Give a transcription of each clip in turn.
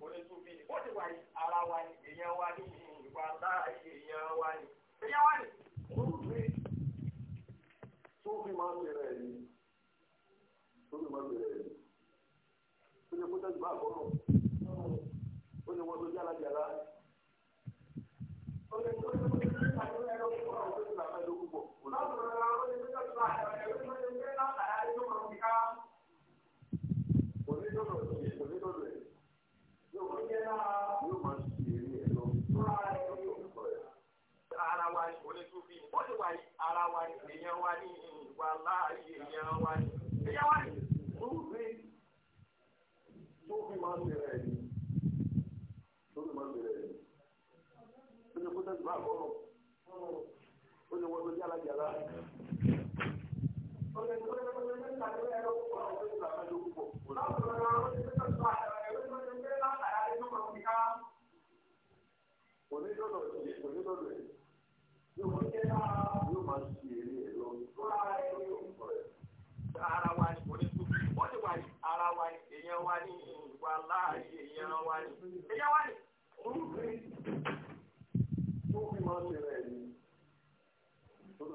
onítúbí ó ti wà ní ara wa ni èèyàn wa ní ìwà láàyè èèyàn wa ni èèyàn wa ni. Túbí túbí máa ń bẹ̀rẹ̀ ẹ̀yìn túbí máa ń bẹ̀rẹ̀ ẹ̀yìn ó ní kó tẹ́jú bá àkọ́rọ̀ ó ní wọ́n tó jálajàla. wa yìí ara wa ni èèyàn wa ni ìwà láàyè èèyàn wa ni èèyàn wa ni tó fi tó fi máa ń bẹ̀rẹ̀ ẹ̀ ní tó fi máa ń bẹ̀rẹ̀ ẹ̀ ní ó ní kó tẹ́sí bá àkọ́rọ̀ ó ní wọ́n tó yára yàrá. Onídọ́dọ̀ yìí, onídọ́dọ̀ yìí yóò máa ṣe eré ẹ̀ lọ. ara wa ni wọ́n ti wọ́n ti wà ní ara wa ni èèyàn wa ní ìwà láàyè èèyàn wa ní èèyàn wa ní. tó fi máa ṣe rẹ̀ ni tó fi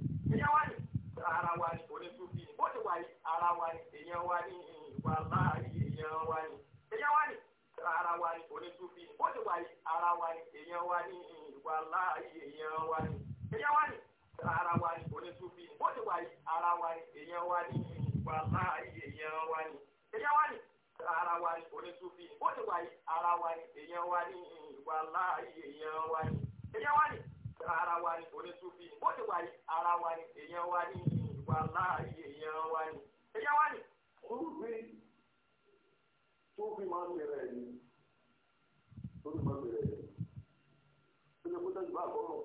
èèyàn wá ní ara wa ní onísùnfì ní bóde wà ní ara wa ní èèyàn wá ní ìwà láàyè èèyàn wá ní èèyàn wá ní ara wa ní onísùnfì ní bóde wà ní ara wa ní èèyàn wá ní ìwà láàyè èèyàn wá ní èèyàn wá ní ara wa ní onísùnfì ní bóde wà ní ara wa ní èèyàn wá ní ìwà láàyè èèyàn wá ní èèyàn wá ní ara wa ní onísùnfì ní bóde wà ní ara wa ní èèyàn wá ní ìwà láàyè èèyàn wá ní èèyàn wá ara wa ni onítúbí ni bóde wà ní ara wa ni èèyàn wa ní ìwà láàyè èèyàn wa ni èèyàn wa ni. túbí túbí máa ń bẹ̀rẹ̀ ni túbí máa ń bẹ̀rẹ̀ ni ó lè kó tẹ́jú bá àkọ́kọ́.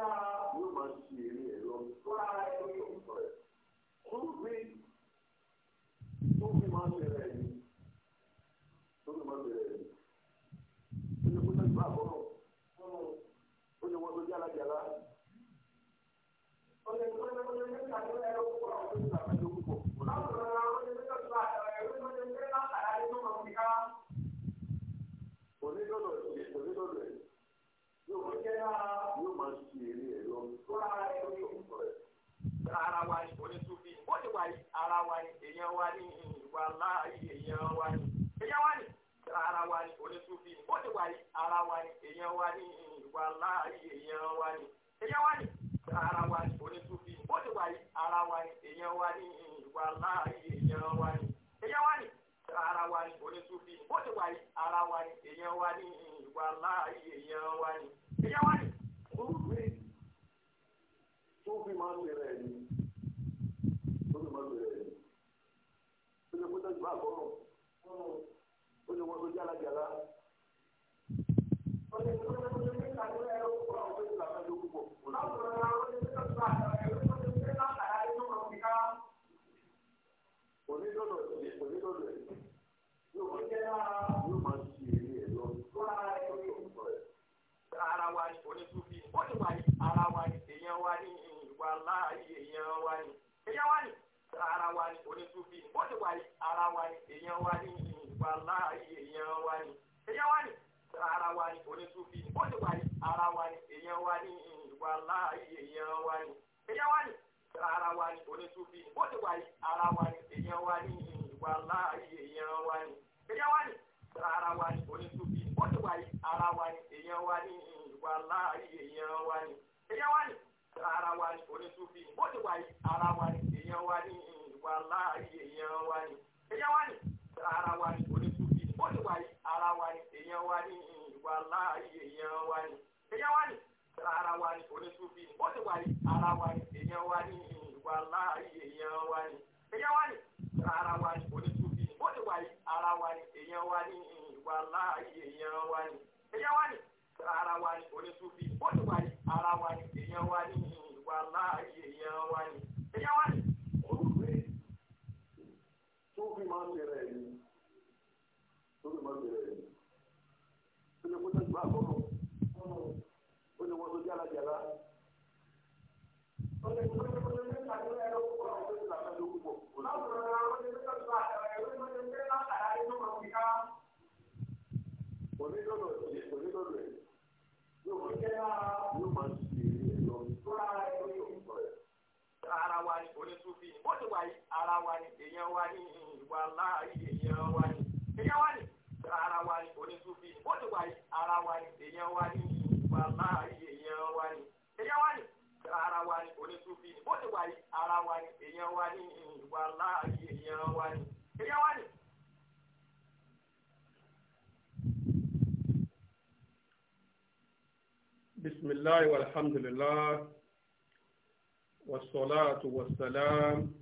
Sarah. Uh, yóò máa ṣe eré ẹ̀ lọ ara wa ni onítúbí ó ní wáyé ara wa ni èèyàn wa ni ìwà láàyè èèyàn wa ni èèyàn wa ni ara wa ni onítúbí ó ní wáyé ara wa ni èèyàn wa ni ìwà láàyè èèyàn wa ni èèyàn wa ni ara wa ni onítúbí ó ní wáyé ara wa ni èèyàn wa ni ìwà láàyè èèyàn wa ni èèyàn wa ni ara wa ni onítúbí ó ní wáyé ara wa ni èèyàn wa ni ìwà láàyè èèyàn wa ni ìyá wa ni olùgbé tó fi máa ń bẹ̀rẹ̀ ẹ̀ ní tó fi máa ń bẹ̀rẹ̀ ẹ̀ ní tó lè kó tẹ̀sí bá àkọ́rọ̀ ó lè wọ́n tó jálá jálá. Onídọ̀dọ̀ ẹ̀ onídọ̀dọ̀ ẹ̀ yóò jẹ́ náà. láàyè èèyàn wa ni èèyàn wa ni ara wa ni onítúbí ni bó ti ara wa ni èèyàn wa ni wà èèyàn wa ni èèyàn wa ni ara wa ni onítúbí ni bó ti ara wa ni èèyàn wa ni wà èèyàn wa ni èèyàn wa ni ara wa ni onítúbí ni bó ti ara wa ni èèyàn wa ni wà èèyàn wa ni èèyàn wa ni ara wa ni onítúbí ni bó ti ara wa ni èèyàn wa ni wà èèyàn wa ni èèyàn wa ni ara wa ni onísùfì bó ti wà yìí ara wa ni èèyàn wa ni ìwà láàyè èèyàn wa ni èèyàn wa ni ara wa ni onísùfì bó ti wà yìí ara wa ni èèyàn wa ni ìwà láàyè èèyàn wa ni èèyàn wa ni ara wa ni onísùfì bó ti wà yìí ara wa ni èèyàn wa ni ìwà láàyè èèyàn wa ni èèyàn wa ni ara wa ni onísùfì bó ti wà yìí ara wa ni èèyàn wa ni ìwà láàyè èèyàn wa ni èèyàn wa ni ara wa ni onísùfì bó ti wà yìí ara wa ni èèyàn wá ní ìwà láàyè èèyàn wá ní èèyàn wá ní. olùgbé tó fi máa ń bẹ̀rẹ̀ ẹ̀mí tó fi máa ń bẹ̀rẹ̀ ẹ̀mí tó ní kó tó gbà kọ́kọ́ ó ní wọ́n tó jára jára. ó ní kó tó kó tó ní ìtàkùn ẹ̀rọ púpọ̀ ó ní ìtàkùn ẹ̀rọ púpọ̀. láwùjọ náà ó ní kó tó gbà ẹ̀rọ ó ní kó tó gbà ẹ̀rọ ó ní kó tó gbà ẹ̀rọ onídọ̀dọ̀ ẹ̀ onídọ̀dọ̀ ẹ̀ yóò fi kẹ́ lára. ara wa ni onísùfì ni bó ti wà ara wa ni èèyàn wa ni ìwà láàyè èèyàn wa ni èèyàn wa ni ara wa ni onísùfì ni bó ti wà ara wa ni èèyàn wa ni ìwà láàyè èèyàn wa ni èèyàn wa ni ara wa ni onísùfì ni bó ti wà ara wa ni èèyàn wa ni ìwà láàyè èèyàn wa ni èèyàn wa ni. بسم الله والحمد لله والصلاة والسلام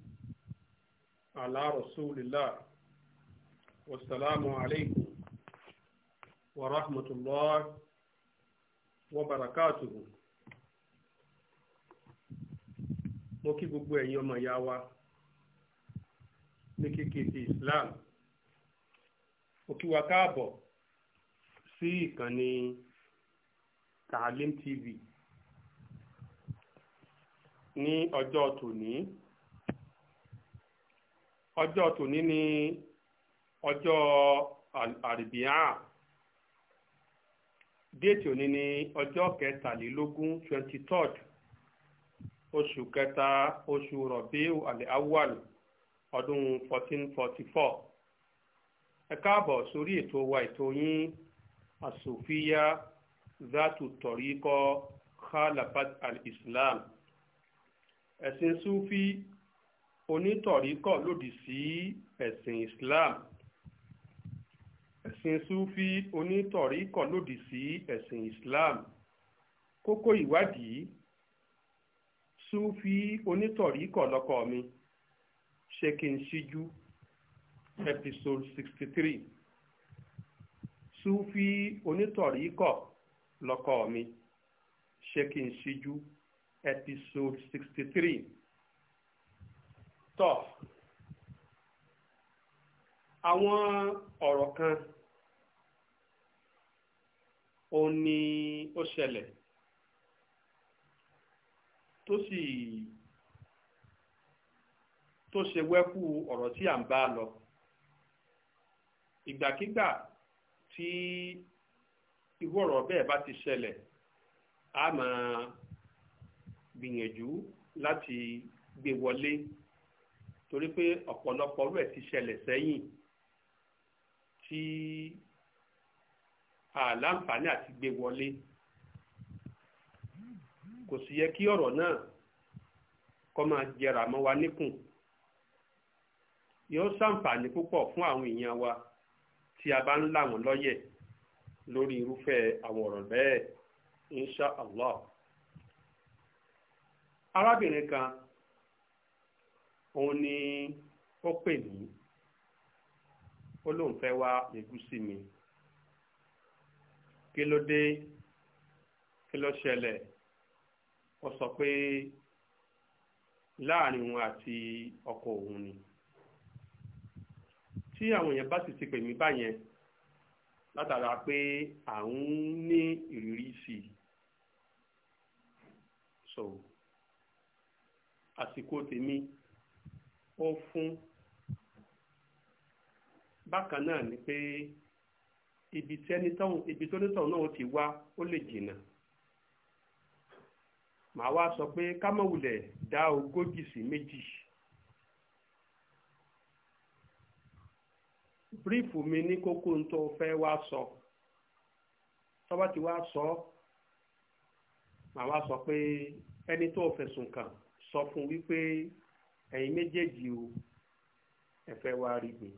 على رسول الله والسلام عليكم ورحمة الله وبركاته mo kí gbogbo ẹ̀yin ọmọ ìyá wa ní kíkì ti Islam mo kí wa káàbọ̀ sí ìkànnì Taalim TV ní ọjọ́ tòní ọjọ́ tòní ní ọjọ́ àrìbíà déètì òní ní ọjọ́ kẹtàlélógún twenty third oṣù kẹta oṣù rọ̀bíù àlẹ́ awal ọdún fourteen forty four ẹ káàbọ̀ sórí ètò wa ètò yín àsòfíà zátù tọ̀ríkọ́ khalafat al-islam ẹ̀sìn sufi onítọ̀ríkọ̀ lòdì sí ẹ̀sìn islam ẹ̀sìn sufi onítọ̀ríkọ̀ lòdì sí ẹ̀sìn islam kókó ìwádìí sufi onítọ̀ríkọ̀ lọ́kọ mi ṣé kí n ṣíjú episode sixty three sufi onítọ̀ríkọ̀ lọ́kọ mi ṣé kí n ṣíjú episode 63. three tọ́ àwọn ọ̀rọ̀ kan ó ní ó ṣẹlẹ̀ tó sì tó ṣe wẹ́kú ọ̀rọ̀ tí à ń bá lọ ìgbàkigbà tí irú ọ̀rọ̀ bẹ́ẹ̀ bá ti ṣẹlẹ̀ a máa gbìyànjú láti gbé wọlé torí pé ọ̀pọ̀lọpọ̀ rẹ̀ ti ṣẹlẹ̀ sẹ́yìn tí àlàǹfààní àti gbé wọlé kò sì yẹ kí ọ̀rọ̀ náà kó máa jẹrà mọ́ wa níkùn yóò ṣàǹfààní púpọ̀ fún àwọn èèyàn wa tí a bá ń là lọ́yẹ̀ lórí irúfẹ́ àwọn ọ̀rọ̀ bẹ́ẹ̀ insha arábìnrin kan òun ni ó pè mí ó lóun fẹ́ wá ẹ̀gúsí mi kí ló dé kí ló ṣẹlẹ̀ ó sọ pé láàrin òun àti ọkọ òun ni tí àwọn èèyàn bá sì ti pè mí báyẹn látara pé à ń ní ìrírí sí i so àsìkò tèmi ó fún bákan náà ni pé ibi tí ẹni tọ́hún ibi tó ní tọ́hún náà ti wá ó lè jìnnà màá wá sọ pé ká dá ogójì sí méjì. bírífù mi ní kókó ń tó fẹ́ wá sọ tó bá ti wá sọ màá wá sọ pé ẹni tó fẹ̀sùn kàn sọ fún wípé ẹ̀yin méjèèjì o ẹ fẹ́ wá rí mi.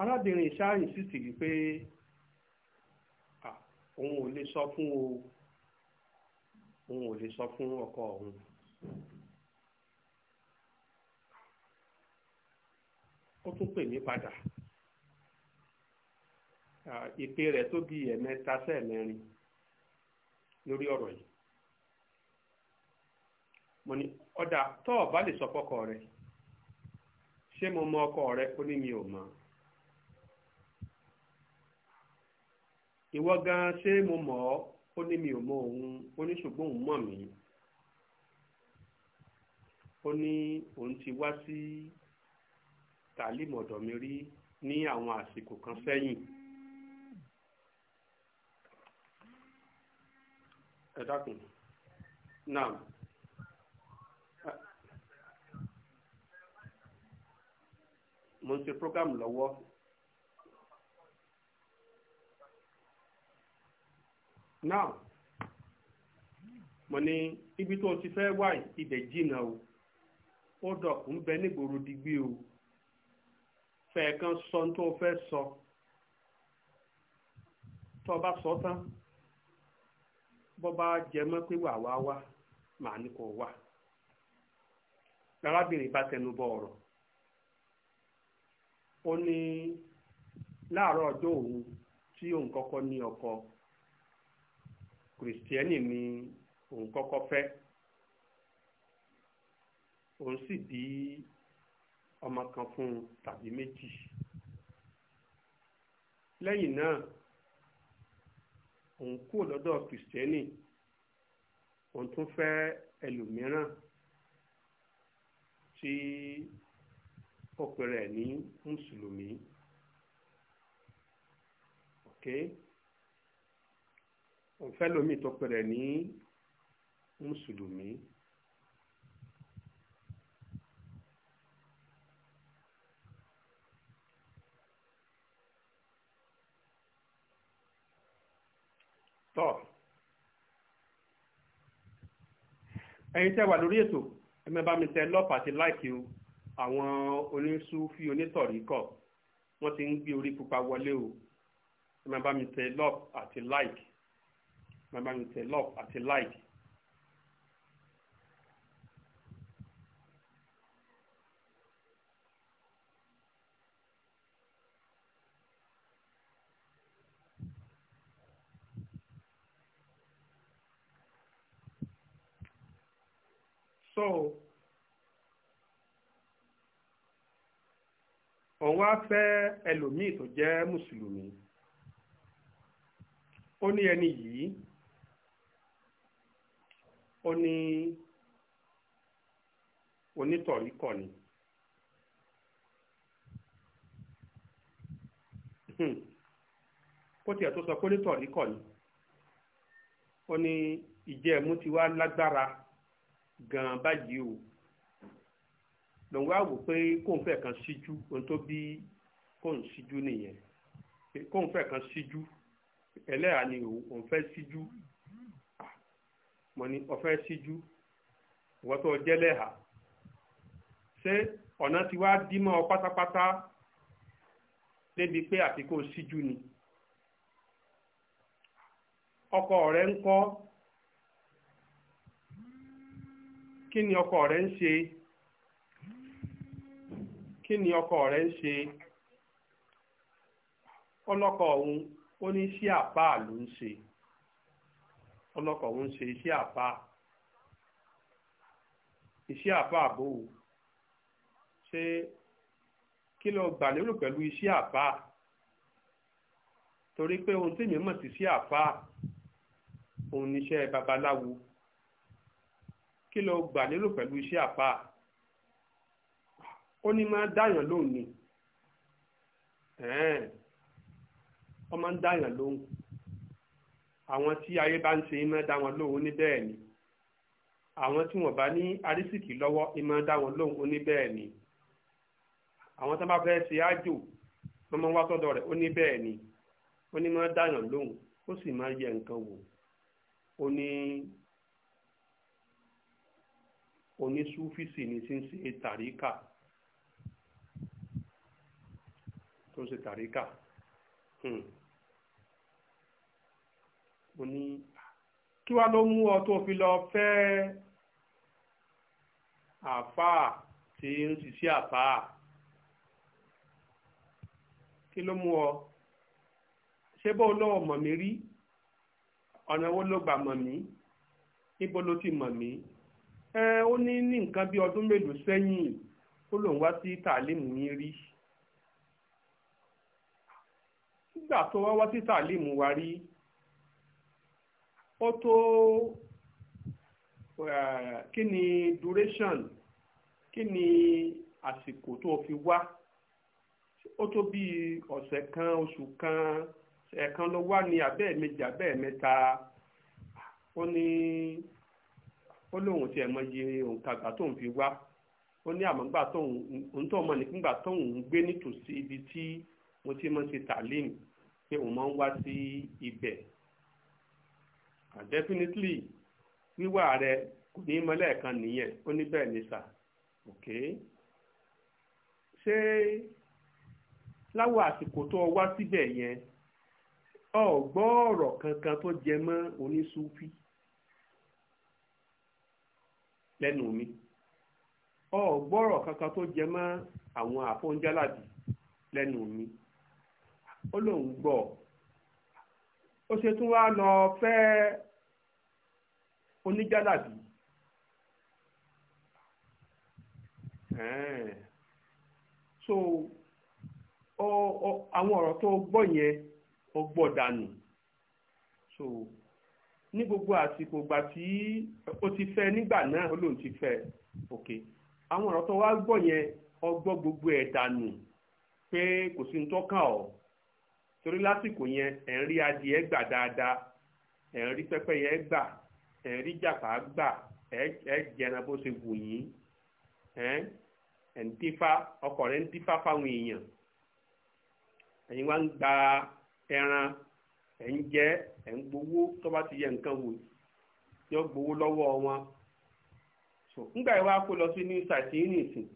arábìnrin ṣáàyìn sì ti rí pé òun ò lè sọ fún o òun ò lè sọ fún ọkọ òun. ó tún pè mí padà ìpè rẹ̀ tó bí ẹ̀mẹ́ta sẹ́ẹ̀mẹ́rin. lórí ọ̀rọ̀ yìí mo ní ọ̀dà tó ọba bá lè sọ fọ́kọ rẹ ṣé mo mọ ọkọ rẹ ó ní mi ò mọ. ìwọ gan ṣé mo mọ̀ ọ ó ní mi ò mọ òun ó ní ṣùgbọ́n òun mọ̀ mí ó ní òun ti wá sí tàlímọ̀dọ̀ mi rí ní àwọn àsìkò kan sẹ́yìn. ẹ dákun náà. program lọ́wọ́ now mo ní ibi tó ti fẹ́ wà ibẹ̀ jìnnà o ó dọ̀kú ń bẹ nígboro digbí o fẹ́ẹ̀kan sọ tó sọ tó o sọ tán bó bá jẹ mọ́ pé wà wá wá màá ní kò bá tẹnu bọ ọ̀rọ̀ ó ní láàárọ̀ ọjọ́ òun tí òun kọ́kọ́ ní ọkọ kìrìsìtẹ́nì ni òun kọ́kọ́ fẹ́ òun sì bí ọmọ kan fún un tàbí méjì lẹ́yìn náà òun kúrò lọ́dọ̀ kìrìsìtẹ́nì òun tún fẹ́ ẹlòmíràn tí ó pèrè ní mùsùlùmí ok òun fẹ́ lómi tó pèrè ní mùsùlùmí. Okay? tọ́ ẹ̀yin tẹ́ wà lórí ètò ẹ máa bá mi tẹ lọ́ọ̀pù àti láìkì o àwọn oníṣúfì onítọ̀rí kọ̀ wọ́n ti ń gbé orí pupa wọlé o ẹ máa bá mi tẹ lọ́ọ̀pù àti láìkì ẹ mi tẹ lọ́ọ̀pù àti láìkì. sọ o òun wá fẹ́ ẹlòmíì tó jẹ́ mùsùlùmí ó ní ẹni yìí ó ní onítọ̀rí kọ̀ ni. Hmm. kó tiẹ̀ tó sọ pé onítọ̀rí kọ̀ ni ó ní ìjẹ́ ẹ̀mú ti wá lágbára gan báyìí o lòun wá wò pé kóun fẹ́ kan síjú ohun tó bí kóun síjú nìyẹn kóun fẹ́ kan síjú ẹlẹ́yà ni òun fẹ́ síjú mo ní ọ̀fẹ́ síjú ìwọ́n tó jẹ́ lẹ́hà ṣé ọ̀nà tí wá dímọ̀ pátápátá débi pé àti kó síjú ni ọkọ rẹ̀ ń kọ́ kí ọkọ rẹ ń ṣe kí ọkọ rẹ ń ṣe ọlọ́kọ òun ó ní iṣẹ́ àpá ló ń ṣe ọlọ́kọ òun ṣe iṣẹ́ àpá iṣẹ́ àpá àbò ṣé kí ló gbà lérò pẹ̀lú iṣẹ́ àpá torí pé ohun tí mi mọ̀ sí iṣẹ́ àpá òun níṣẹ́ babaláwo kí ló gbà lérò pẹ̀lú iṣẹ́ àpá ó ní máa dáyàn lóhùn ni ó máa ń dáyàn lóhùn àwọn tí ayé bá ń ṣe é máa dá wọn lóhùn ní bẹ́ẹ̀ ni àwọn tí wọn bá ní arísìkì lọ́wọ́ ẹ máa dá wọn lóhùn ó ní bẹ́ẹ̀ ni àwọn tó bá fẹ́ ṣe ájò wọ́n máa wá sọ́dọ̀ rẹ̀ ní bẹ́ẹ̀ ni ó ní máa dáyàn lóhùn ó sì máa yẹ nǹkan wò ó ní onísúfìsì ni tí ń ṣe tàríkà tó ń ṣe tàríkà ó hmm. ní kí wá ló mú ọ tó fi lọ fẹ́ àfáà tí ń ṣiṣẹ́ àfáà kí ló mú ọ ṣé bó lọ́wọ́ mọ̀ mí rí ọ̀nà wo ló gbà mọ̀ mí níbo ló ti mọ̀ mí ó ní ní nǹkan bí ọdún mélòó sẹ́yìn ó lòun wá sí tàlímù yín rí nígbà tó wá wá sí tàlímù wa rí ó tó kí ni duration kí ni àsìkò tó fi wá ó tó bi ọ̀sẹ̀ kan oṣù kan ẹ̀ẹ̀kan ló wá ní abẹ́ẹ̀mejì abẹ́ẹ̀mẹ́ta ó ní. ó lóun tiẹ̀ mọ iye òǹkà àgbà tóun fi wá ó ní àmọ́ gbà tóun òun tó mọ nígbà tóun ń gbé nítòsí ibi tí mo ti mọ ṣe tàlímù pé òun máa ń wá sí ibẹ̀ and definitely wíwá rẹ kò ní mọ lẹ́ẹ̀kan nìyẹn ó ní bẹ́ẹ̀ ni sà ok ṣé láwọn àsìkò tó o wá síbẹ̀ yẹn o gbọ́ ọ̀rọ̀ kankan tó jẹ mọ́ oníṣúfì. lẹ́nu mi ọ gbọ́rọ̀ kankan tó jẹ mọ́ àwọn àfọ̀njálàbí lẹ́nu mi ó lóun gbọ́ ó ṣe tún wá lọ fẹ́ oníjálàbí so àwọn ọ̀rọ̀ tó gbọ́ yẹn ó gbọ́ dànù so. ní gbogbo àsìkò ìgbà tí ó ti fẹ́ nígbà náà ó lóun ti fẹ́ ok àwọn ọ̀rọ̀ tó wá gbọ́ yẹn ọgbọ́ gbogbo ẹ̀ dànù pé kò sí ní tọ́kàn ọ́ torí lásìkò yẹn ẹ̀ ń rí adìẹ gbà dáadáa ẹ̀ ń rí pẹ́pẹ́yẹ gbà ẹ̀ ń rí jàpá gbà ẹ̀ jẹran bó ṣe wù yín ẹ̀ ń dífá ọkọ̀ rẹ̀ ń dífá fáwọn èèyàn ẹ̀yin wá ń gba ẹran ẹ̀ ń jẹ́ E tó bá ti yẹ nǹkan wò yọ gbowó lọ́wọ́ wọn nígbà yìí wá kó lọ sí new site nìsín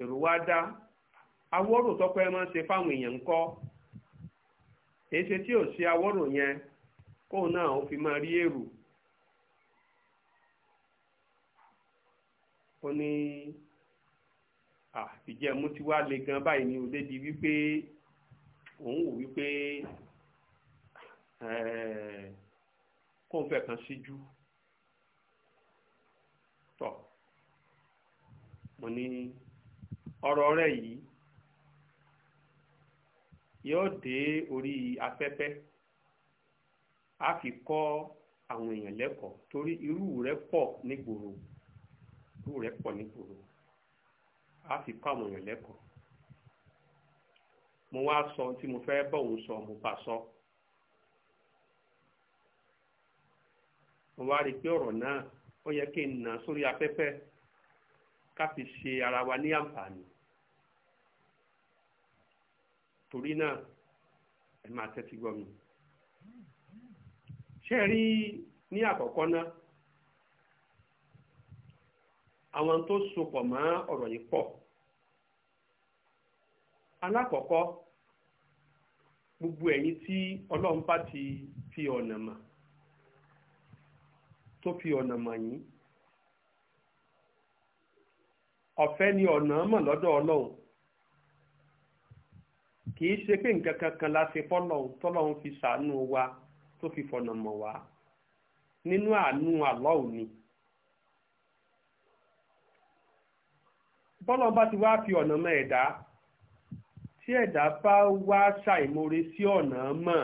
èrò wá dá awọ́rò tọ́pẹ́ máa ń ṣe fáwọn èèyàn yẹn kóun náà ó fi máa rí èrò ó ní le gan báyìí ni ó débi kó o fẹ́ kan síjú tọ̀ mo ní ọ̀rọ̀ rẹ̀ yìí yóò dé orí afẹ́fẹ́ a fi kọ́ àwọn èèyàn lẹ́kọ̀ọ́ torí irú rẹ̀ pọ̀ nígboro irú rẹ̀ pọ̀ nígboro a fi kọ́ àwọn èèyàn lẹ́kọ̀ọ́ mo wá sọ tí mo fẹ́ bọ̀ òun sọ mo bá sọ. So mo wá rí i pé ọ̀rọ̀ náà ó yẹ kí n nà sórí afẹ́fẹ́ ṣe ara wa ní àǹfààní torí náà ẹ máa tẹ́tí gbọ́ mi. ṣé ẹ rí ní àkọ́kọ́ náà àwọn tó sopọ̀ mọ́ ọ̀rọ̀ yìí pọ̀ gbogbo ẹ̀yin tí ọlọ́run bá ti fi ọ̀nà mọ̀ tó fi ọ̀nà mọ̀ yín ọ̀fẹ́ ni ọ̀nà mọ̀ lọ́dọ̀ ọlọ́run kì í ṣe pé nǹkan kankan la ṣe fọ́lọ́run tọ́lọ́run fi ṣàánú wa tó fi fọ̀nà mọ̀ wá nínú àánú àlọ́ọ̀ ni. bọ́lọ̀ bá ti wá fi ọ̀nà mọ̀ ẹ̀dá tí ẹ̀dá bá wá ṣàìmoore sí ọ̀nà mọ̀.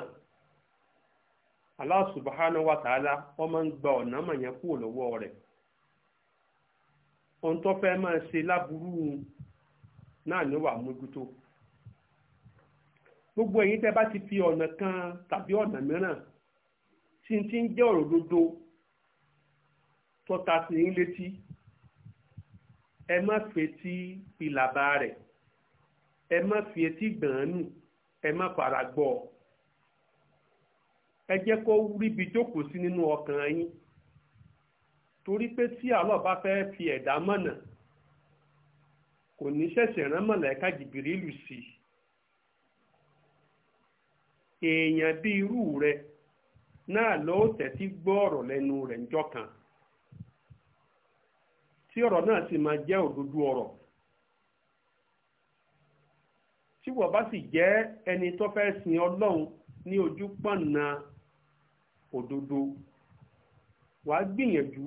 Allah ha wa ta'ala wọ́n máa ń gba ọ̀nà mọ̀ yẹn kúrò lọ́wọ́ rẹ̀ ohun tó fẹ́ máa ṣe láburú náà ni wà mójútó gbogbo ẹ̀yin tẹ́ bá ti fi ọ̀nà kan tàbí ọ̀nà mìíràn tí ti ń jẹ́ ọ̀rọ̀ dodo tọ́ta sí ń létí ẹ má fetí ìlàbà rẹ̀ ẹ má fara gbọ́ ẹ jẹ́ kó ríbi jókòó sí nínú ọkàn yín torí pé tí Allah bá fẹ́ fi ẹ̀dá mọ̀nà kò ní ṣẹ̀ṣẹ̀ rán mọ̀lẹ́ka jìbìrìlù sí i èèyàn bí irú rẹ náà ló tẹ̀sí gbọ́ ọ̀rọ̀ lẹ́nu rẹ̀ ńjọ́ tí ọ̀rọ̀ náà sì máa jẹ́ òdodo ọ̀rọ̀ tí wọ́n bá sì jẹ́ ẹni tó fẹ́ ní ojú pọ̀nà òdodo wàá gbìyànjú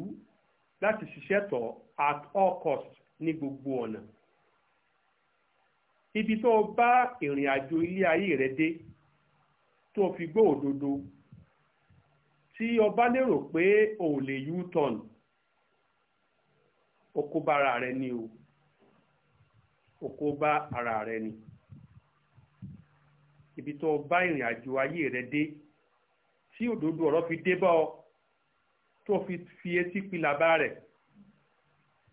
láti ṣiṣẹ́ tọ̀ at all cost ní gbogbo ọ̀nà ibi tó o bá ìrìn àjò ilé ayé rẹ dé tó o fi gbọ́ òdodo tí o bá lérò pé o ò lè u-turn o kó bá ara rẹ ni o o kó bá ara rẹ ni ibi tó o bá ìrìn àjò ayé rẹ dé. tí òdodo ọ̀rọ̀ fi dé bá ọ tó fi fi etí pilà bá rẹ̀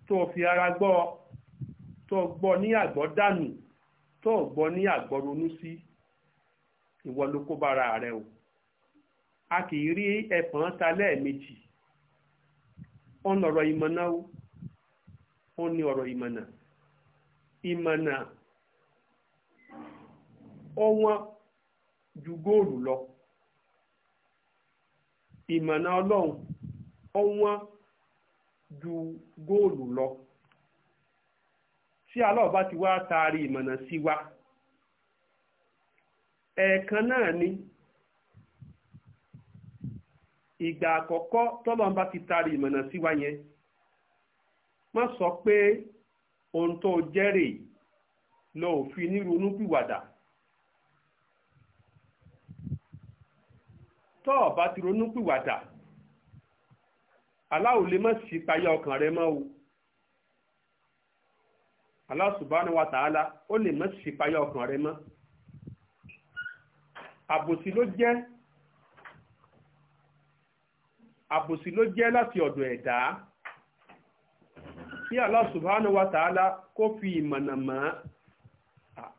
tó fi ara gbọ́ ọ tó gbọ́ ní àgbọ́ dànù tó gbọ́ ní àgbọ́ ronú sí ìwọ ló kó bára rẹ o a kì í rí ẹ̀pọ̀n ta lẹ́ẹ̀mejì ó lọ̀rọ̀ ìmọ̀nà o ó ní ọ̀rọ̀ ìmọ̀nà ìmọ̀nà ó ju góòlù lọ. ìmọ̀nà ọlọ́run ọwọ́n ju góòlù lọ tí Allah bá ti wá taari ìmọ̀nà sí wa ẹ̀ẹ̀kan náà ni ìgbà àkọ́kọ́ tọ́lọ́n bá ti taari ìmọ̀nà sí wa yẹn má sọ pé ohun tó jẹ́rè lọ òfin nírunú pìwàdà tọ́ ọ bá ti ronú pìwàdà Allah lè má payá ọkàn rẹ mọ́ o Allah wa ó lè má payá ọkàn rẹ mọ́ àbòsí ló jẹ́ àbòsí ló jẹ́ láti ọ̀dọ̀ ẹ̀dá kí Allah wa kó fi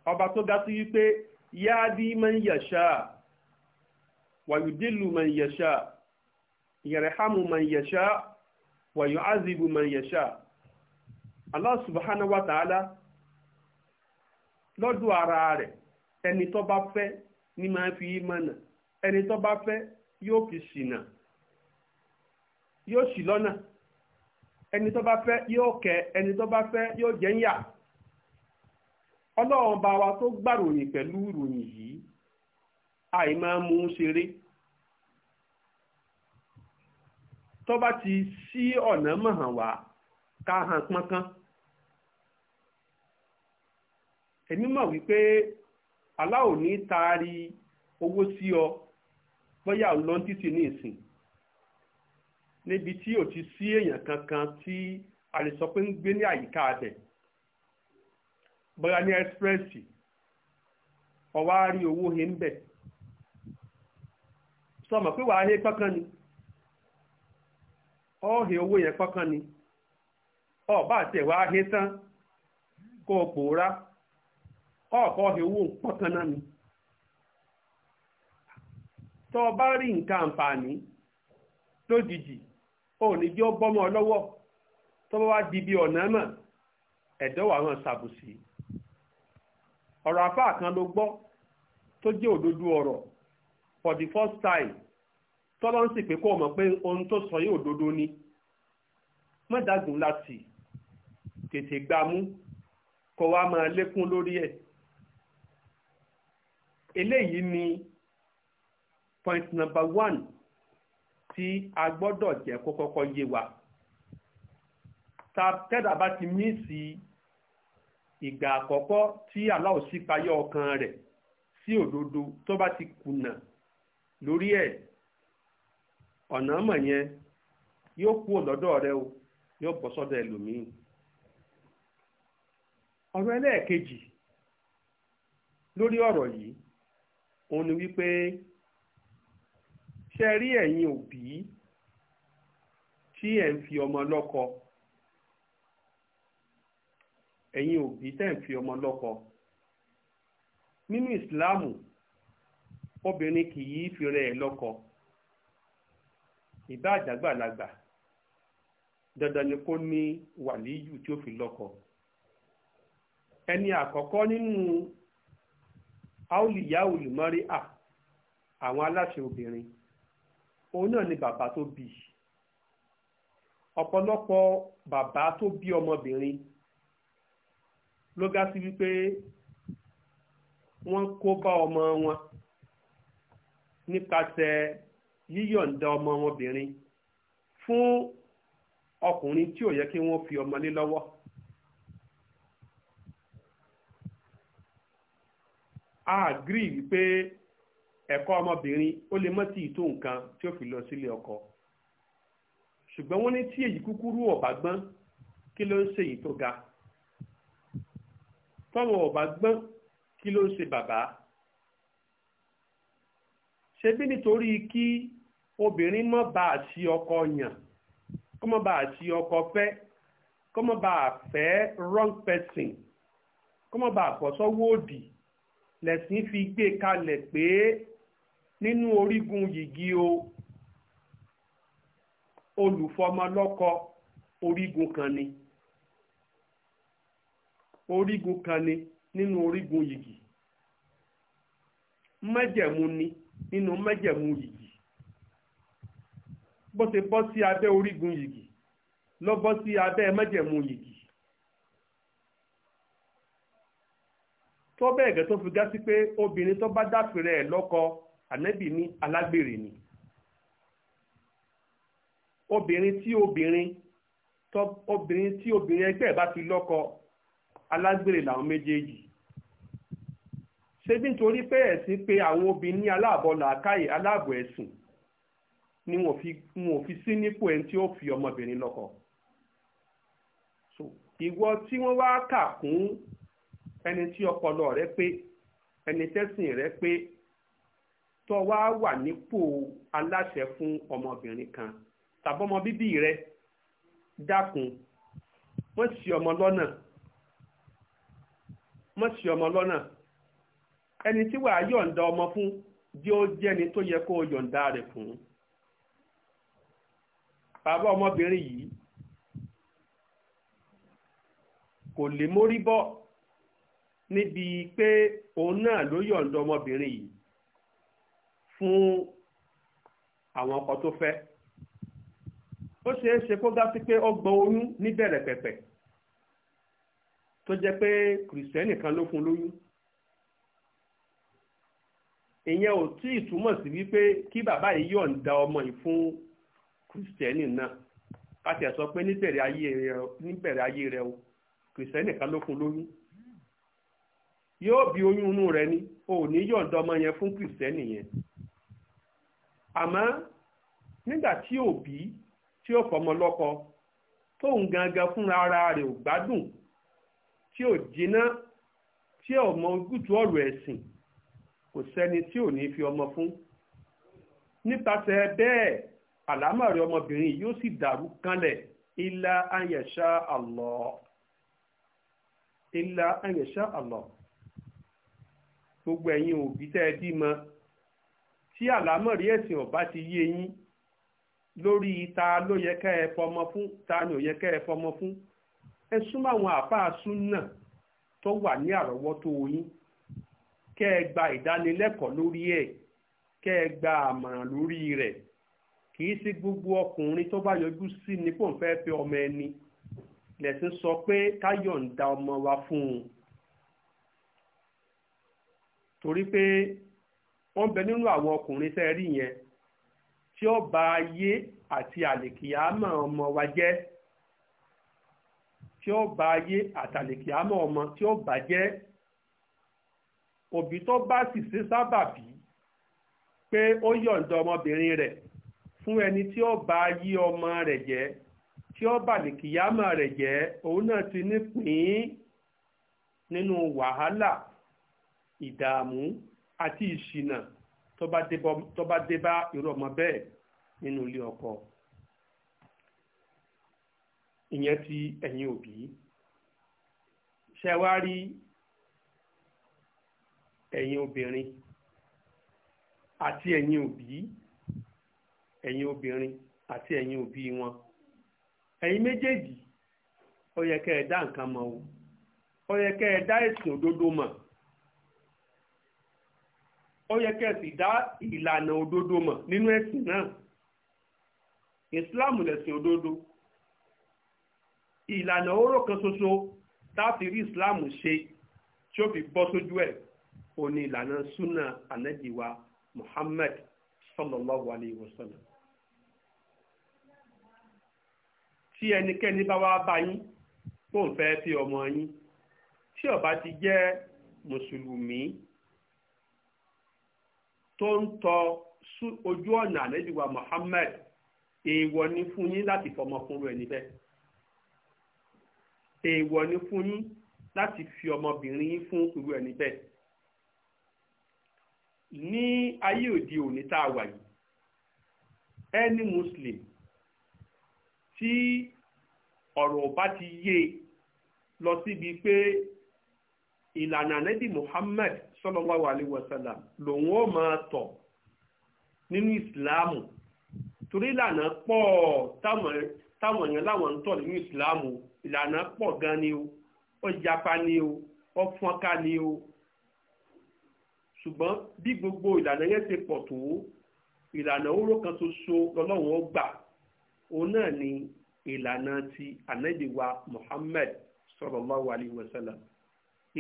ọba tó dá sí wípé yáa dí wàyùdílù man yẹ̀ṣà yẹ̀rẹ̀hámù man yẹ̀ṣà wàyù azibu man yẹ̀ṣà Allah subhanahu wa ta'ala lọ́dún ara rẹ̀ ẹni tó bá fẹ́ ní máa fi í mọ̀nà ẹni tó bá fẹ́ yóò fi ṣìnà yóò ṣì lọ́nà ẹni tó bá fẹ́ yóò kẹ́ ẹni tó bá fẹ́ yóò jẹ́ ń yà ọlọ́run bá wa tó gbàròyìn pẹ̀lú ìròyìn yìí àì máa mú un ṣeré tó bá ti sí ọ̀nà mọ̀hàn wá ká hàn pọ́nkán ẹni mọ̀ wípé aláwo ní taari owó sí ọ bóyá lọ títí ní ìsìn níbi tí ò ti sí èèyàn kankan tí a lè sọ pé ń gbé ní àyíká abẹ bóyá ní sọmọ pé wàá he pọ́kán oh, oh, oh, ni ọ́ he owó yẹn pọ́kán ni ọ̀ bá tẹ̀ wàá he tán kó o pòórá ọ̀ kọ́ he owó pọ́kán náà ni tọ́ ọ bá rí nǹkan àǹfààní lójijì ò ní jẹ́ ó bọ́mọ lọ́wọ́ tó bá wá di bí ọ̀nà mọ̀ ẹ̀dọ́ wà hàn ṣàbùsí ọ̀rọ̀ afá kan ló gbọ́ tó jẹ́ òdodo ọ̀rọ̀ for the first time tọ́lọ́ ń sì pé kó mọ̀ pé ohun tó sọ yóò dodo ni mọ́dàgùn láti tètè gbámú kó wá máa lékún lórí ẹ̀ eléyìí ni point number one tí a gbọ́dọ̀ jẹ́ kó kọ́kọ́ yé wa tẹ́dà bá ti mí sí ìgbà àkọ́kọ́ tí aláòsí payọ́ ọkàn rẹ̀ sí òdodo tó bá ti kùnà lórí ẹ ọ̀nà mọ̀ yẹn yóò kúrò lọ́dọ̀ rẹ o yóò bọ́ sọ́dọ̀ ẹlòmíì ọ̀rọ̀ ẹlẹ́ẹ̀kejì lórí ọ̀rọ̀ yìí òun ni wípé ṣe rí ẹ̀yin òbí tí ẹ̀ ń fi ọmọ lọ́kọ ẹ̀yin òbí ń fi ọmọ obìnrin kì í fi rẹ̀ lọ́kọ ìbá àjàgbàlagbà dandan ni kó ní wàlíyù tí ó fi lọ́kọ ẹni àkọ́kọ́ nínú aolìyáwò lùmọ́rí à àwọn aláṣẹ obìnrin òun náà ni bàbá tó bí ọ̀pọ̀lọpọ̀ bàbá tó bí ọmọbìnrin ló gá sí wípé wọ́n kó bá ọmọ wọn nípasẹ̀ yíyọ̀ǹda ọmọ wọn obìnrin fún ọkùnrin tí ò yẹ kí wọ́n fi ọmọ lé lọ́wọ́. a gírí wípé ẹ̀kọ́ ọmọbìnrin ó lè mọ́ tí ì tó nǹkan tí ó fi lọ sílé ọkọ ṣùgbọ́n wọ́n ní tí èyí kúkúrú ọ̀bá gbọ́n kí ló ń ṣe èyí tó ga tọ́wọ́ ọ̀bá gbọ́n kí ló ń ṣe bàbá ṣebí nítorí kí obìnrin má bá a sí ọkọ yàn kó má bá a sí ọkọ fẹ́ kó má bá a fẹ́ wrong person kó má bá a bọ́ sọ́wọ́ òdì lẹ́sìn fi gbé kalẹ̀ pé nínú orígun yìgì o olùfọmọlọ́kọ orígun kan ni orígun kan ni nínú orígun yìgì májẹ̀mú ni nínú mẹ́jẹ̀mú yìgì bó ṣe bọ́ sí abẹ́ orígun yìgì lọ bọ́ sí abẹ́ mẹ́jẹ̀mú yìgì tó bẹ́ẹ̀ gẹ́ tó fi gá sí pé obìnrin tó bá dápẹ̀rẹ̀ ẹ̀ lọ́kọ ànẹ́bì ní alágbèrè ni obìnrin tí obìnrin tó obìnrin tí obìnrin ẹgbẹ́ bá fi lọ́kọ alágbèrè làwọn méjèèjì ṣé bí nítorí pé ẹ̀sìn pé àwọn obìnrin ní aláàbọ̀ làákàyè aláàbọ̀ ẹ̀sìn ni wọn fi wọn fi sí nípò ẹni tí ó fi ọmọbìnrin lọ́kọ ìwọ tí wọ́n wá kà kún ẹni tí ọpọlọ rẹ pé ẹni tẹ́sìn rẹ pé tó wá wà nípò aláṣẹ fún ọmọbìnrin kan tàbọ́mọ bíbí rẹ dákun wọ́n sì ọmọ lọ́nà wọ́n sì ọmọ lọ́nà ẹni tí wàá yọ̀ǹda ọmọ fún di ó jẹ́ni tó yẹ kó o yọ̀ǹda rẹ̀ fún bàbá ọmọbìnrin yìí kò lè mórí bọ́ níbi pé òun náà ló yọ̀ǹda ọmọbìnrin yìí fún àwọn ọkọ tó fẹ́ ó ṣeé ṣe kó dá sí pé ó gbọ́ oyún níbẹ̀rẹ̀ pẹ̀pẹ̀ tó jẹ́ pé kìrìsìtẹ́nì kan ló fún lóyún ìyẹn ò tí ì túmọ̀ sí wípé kí bàbá yìí yọ̀ǹda ọmọ yìí fún kìrìsìtẹ́nì náà káti ẹ̀ sọ pé níbẹ̀rẹ̀ ayé rẹ o kìrìsìtẹ́nì kan ló fún lóyún yóò bí oyún inú rẹ ni o ò ní yọ̀ǹda ọmọ yẹn fún kìrìsìtẹ́nì yẹn àmọ́ nígbà tí òbí tí ó fọmọ lọ́kọ tóun gangan fúnra ara rẹ̀ ò gbádùn tí ò jiná tí ò mọ ojútùú ọ̀rọ̀ ẹ̀sìn kò sẹ́ni tí ò ní fi ọmọ fún nípasẹ̀ bẹ́ẹ̀ àlámọ̀rí ọmọbìnrin yóò sì dàrú kanlẹ̀ ilá ayẹ̀ṣá Allah ilá ayẹ̀ṣá Allah gbogbo ẹ̀yin òbí tẹ́ ẹ bímọ tí àlámọ̀rí ẹ̀sìn ọ̀bá ti yé yín lórí ta ló yẹ kẹ́ ẹ fọmọ fún ta ni ò yẹ kẹ́ ẹ fọmọ fún ẹ súnmọ́ àwọn àfáà súnà tó wà ní àrọ́wọ́tó yín kẹ́ ẹ gba ìdánilẹ́kọ̀ọ́ lórí ẹ̀ kẹ́ ẹ gba àmọ̀ràn lórí rẹ̀ kì í sí gbogbo ọkùnrin tó bá yọjú sí ni kò ń fẹ́ fẹ́ ọmọ ẹni lẹ́sìn sọ pé ká yọ̀ǹda ọmọ wa fún un torí pé wọ́n bẹ nínú àwọn ọkùnrin tẹ́ rí yẹn tí ó bà ayé àti àlèkìyámọ̀ ọmọ wa jẹ́ tí ó bà ayé àtàlèkìyámọ̀ ọmọ tí ó bà jẹ́ òbí tó bá sì ṣe sábàbí pé ó yọ̀ǹda ọmọbìnrin rẹ̀ fún ẹni tí ó bá yí ọmọ rẹ̀ jẹ́ tí ó bà lè kìyàmọ̀ rẹ̀ jẹ́ òun náà ti nípìn nínú wàhálà ìdààmú àti ìṣìnà tó bá dé bá irú ọmọ bẹ́ẹ̀ nínú ilé ọkọ ìyẹn ti ẹ̀yin òbí ṣe ẹ̀yin obìnrin àti ẹ̀yin òbí ẹ̀yin obìnrin àti ẹ̀yin òbí wọn ẹ̀yin méjèèjì ó yẹ kẹ́ ẹ dá nǹkan o ó yẹ kẹ́ ẹ dá ẹ̀sìn òdodo ó yẹ kẹ́ ẹ sì dá ìlànà òdodo mọ̀ nínú ẹ̀sìn náà ìsìláàmù lẹ̀sìn òdodo ìlànà oró kan ṣoṣo oni lana suna súnà Muhammad sallallahu alaihi wasallam sallam. tí ẹnikẹ́ni bá wá bá yín kó ń fẹ́ fi ọmọ yín tí ó bá ti jẹ́ mùsùlùmí tó ń tọ ojú ọ̀nà ànájìwá Muhammad èèwọ̀ ni fún yín láti fọmọ fún rẹ̀ níbẹ̀ èèwọ̀ ni fún yín láti fi ọmọbìnrin yín fún irú ẹ̀ níbẹ̀ ní ayé òde òní tá a wà yìí ẹni muslim tí ọ̀rọ̀ bá ti yé e lọ síbi pé ìlànà nẹ́bí muhammad sallallahu alaihi wasallam lòun ó máa tọ̀ nínú ìsìláàmù torí ìlànà pọ̀ táwọn èèyàn láwọn ń tọ̀ nínú ìsìláàmù ìlànà pọ̀ gan ni o ó japa ni o ó fọ́nká ni o ṣùgbọ́n bí gbogbo ìlànà yẹn ti pọ̀ tó ìlànà oró kan so lọ́lọ́run ó gbà òun ni ìlànà ti ànábìwa muhammed sallallahu alayhi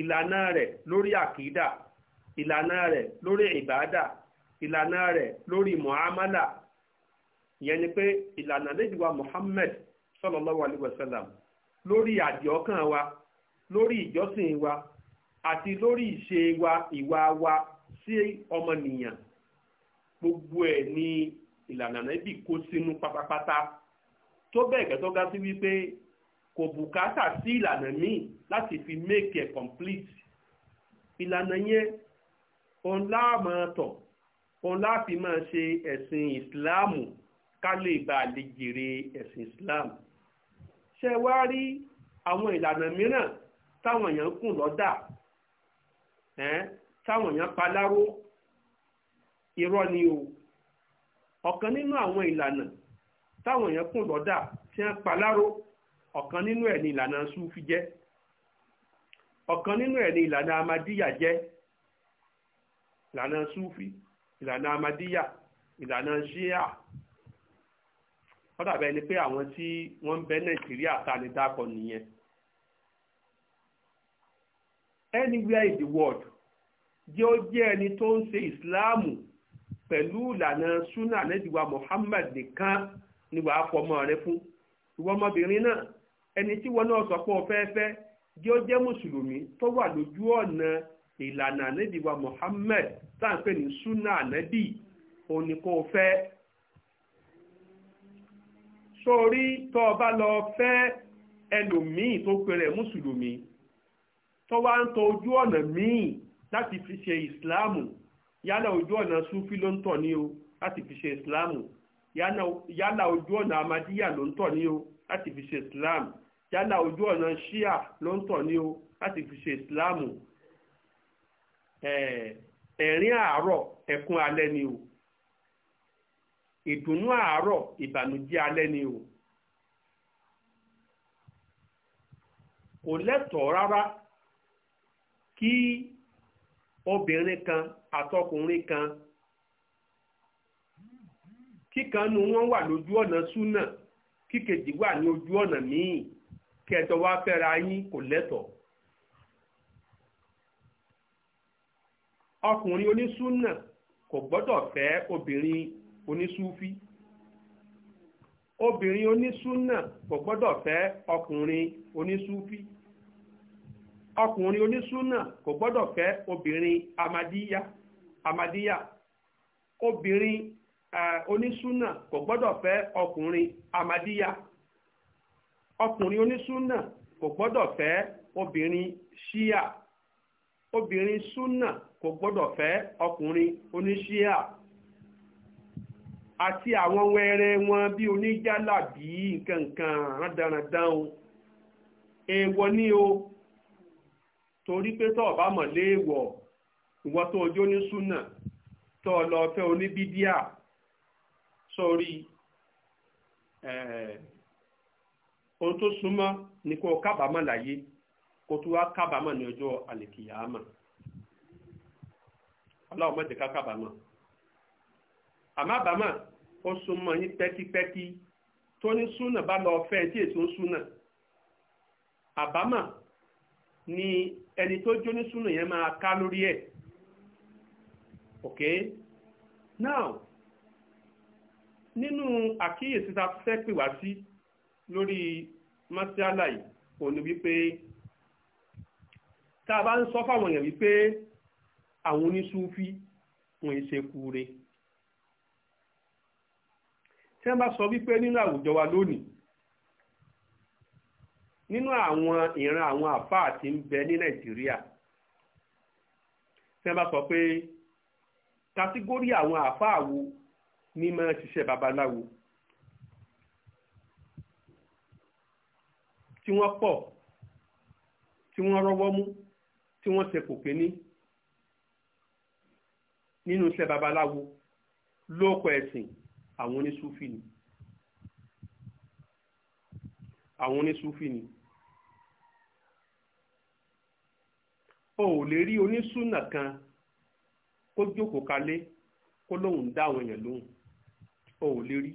ìlànà rẹ̀ lórí àkídà ìlànà rẹ̀ lórí ìbádà ìlànà rẹ̀ lórí muamala ìyẹn ni pé ìlànà ànábìwa Muhammad sallallahu alayhi lori lórí wa wa àti wa sí ọmọnìyàn gbogbo ẹ̀ ní ìlànà nẹ́bí kó sínú pátápátá tó bẹ́ẹ̀ gẹ́tọ́ ga sí wípé kò bùkátà sí ìlànà míì láti fi make it complete ìlànà yẹn òun láàmú tọ̀ òun láti máa ṣe ẹ̀sìn ìsìláàmù ká lè bá a lè jèrè ẹ̀sìn ìsìláàmù ṣe wá rí àwọn ìlànà mìíràn táwọn èèyàn kùn lọ́dà táwọn èèyàn pa láró irọ́ ni o ọ̀kan nínú àwọn ìlànà táwọn èèyàn kùn lọ́dà tí wọ́n pa láró ọ̀kan nínú ẹ̀ ni ìlànà súfì jẹ́ ọ̀kan nínú ẹ̀ ni ìlànà amadíyà jẹ́ ìlànà súfì ìlànà amadíyà ìlànà ṣíà wọ́n dàbẹ́ ni pé àwọn tí wọ́n ń bẹ nàìjíríà ta ni dákọ̀ nìyẹn anywhere in the world jẹ́ ó jẹ́ ẹni tó ń ṣe ìsìláàmù pẹ̀lú ìlànà súnà nẹ́dìwà Muhammad nìkan ni wàá fọmọ rẹ fún ìwọ ọmọbìnrin náà ẹni tí wọn náà sọ pé ó jẹ́ ó jẹ́ mùsùlùmí tó wà lójú ọ̀nà ìlànà nẹ́dìwà Muhammad táǹpẹ́ ní súnà nẹ́dì òun ni kò fẹ́ sórí tó o bá lọ fẹ́ ẹlòmíì tó pèrè mùsùlùmí tó wá ń tọ ojú ọ̀nà míì láti fi ṣe ìsìláàmù yálà ojú ọ̀nà sufi ló ń tọ̀ ní o láti fi ṣe ìsìláàmù yálà ojú ọ̀nà amadíyà ló ń tọ̀ ní o láti fi ṣe ìsìláàmù yálà ojú ọ̀nà shia ló ń tọ̀ ní o láti fi ṣe ìsìláàmù ẹ̀rín àárọ̀ ẹ̀kún alẹ́ ni o ìdùnnú àárọ̀ ìbànújẹ́ alẹ́ ni o kò lẹ́tọ̀ọ́ rárá kí obìnrin kan àtọkùnrin kan kíkanu wọn wà lójú ọ̀nà súnà kíkejì wà ní ojú ọ̀nà míì kẹtọ wá fẹ́ra yín kò lẹ́tọ̀ọ́ ọkùnrin onísúnà kò gbọ́dọ̀ fẹ́ obìnrin onísúfí obìnrin onísúnà kò gbọ́dọ̀ fẹ́ ọkùnrin onísúfí. ọkùnrin onísúnà kò gbọ́dọ̀ fẹ́ obìnrin amadíyà amadíyà obìnrin onísúnà kò gbọ́dọ̀ fẹ́ ọkùnrin amadíyà ọkùnrin onísúnà kò gbọ́dọ̀ fẹ́ obìnrin ṣíà obìnrin súnà kò gbọ́dọ̀ fẹ́ ọkùnrin oníṣíà àti àwọn wẹrẹ wọn bí oníjàlá bí nǹkan kan rádaràdán o èèwọ̀ ni o torí pé tó ọba mọ̀ léèwọ̀ ìwọ tó ọjọ́ ní súnà tọ́ ọ lọ fẹ́ oníbídíà sórí eh, ohun tó súnmọ́ ni kó kábàámọ̀ láyé kó tó wá kábàámọ̀ ní ọjọ́ àlèkìyàmọ̀ ọlọ́run mọ̀jẹ̀ ká kábàámọ̀ àmọ́ àbámọ̀ ó súnmọ́ yín pẹ́kípẹ́kí tó ní súnà bá lọ fẹ́ tí èso ń súnà àbámọ̀ ni ẹni tó jó ní súnà yẹn máa ká lórí ẹ̀ ok now nínú àkíyèsí ta fẹ́ pè wá sí lórí masiala yìí kò ní wípé tá a bá ń sọ fáwọn èèyàn wípé àwọn oníṣúfí wọn ìṣekú re tí wọ́n bá sọ wípé nínú àwùjọ wa lónìí nínú àwọn ìran àwọn àfáà tí ń bẹ ní nàìjíríà tí wọ́n bá sọ pé kàtígórì àwọn àfáà wo ní máa ṣiṣẹ́ babaláwo tí wọ́n pọ̀ tí wọ́n rọ́wọ́ mú tí wọ́n ṣe kò kíní nínú iṣẹ́ babaláwo lóòkọ̀ ẹ̀sìn àwọn oníṣúfì ni àwọn oníṣúfì ni o ò lè rí onísùnà kan kó jókòó kalẹ̀ kó lóun dá àwọn èèyàn lóhùn o ò lè rí.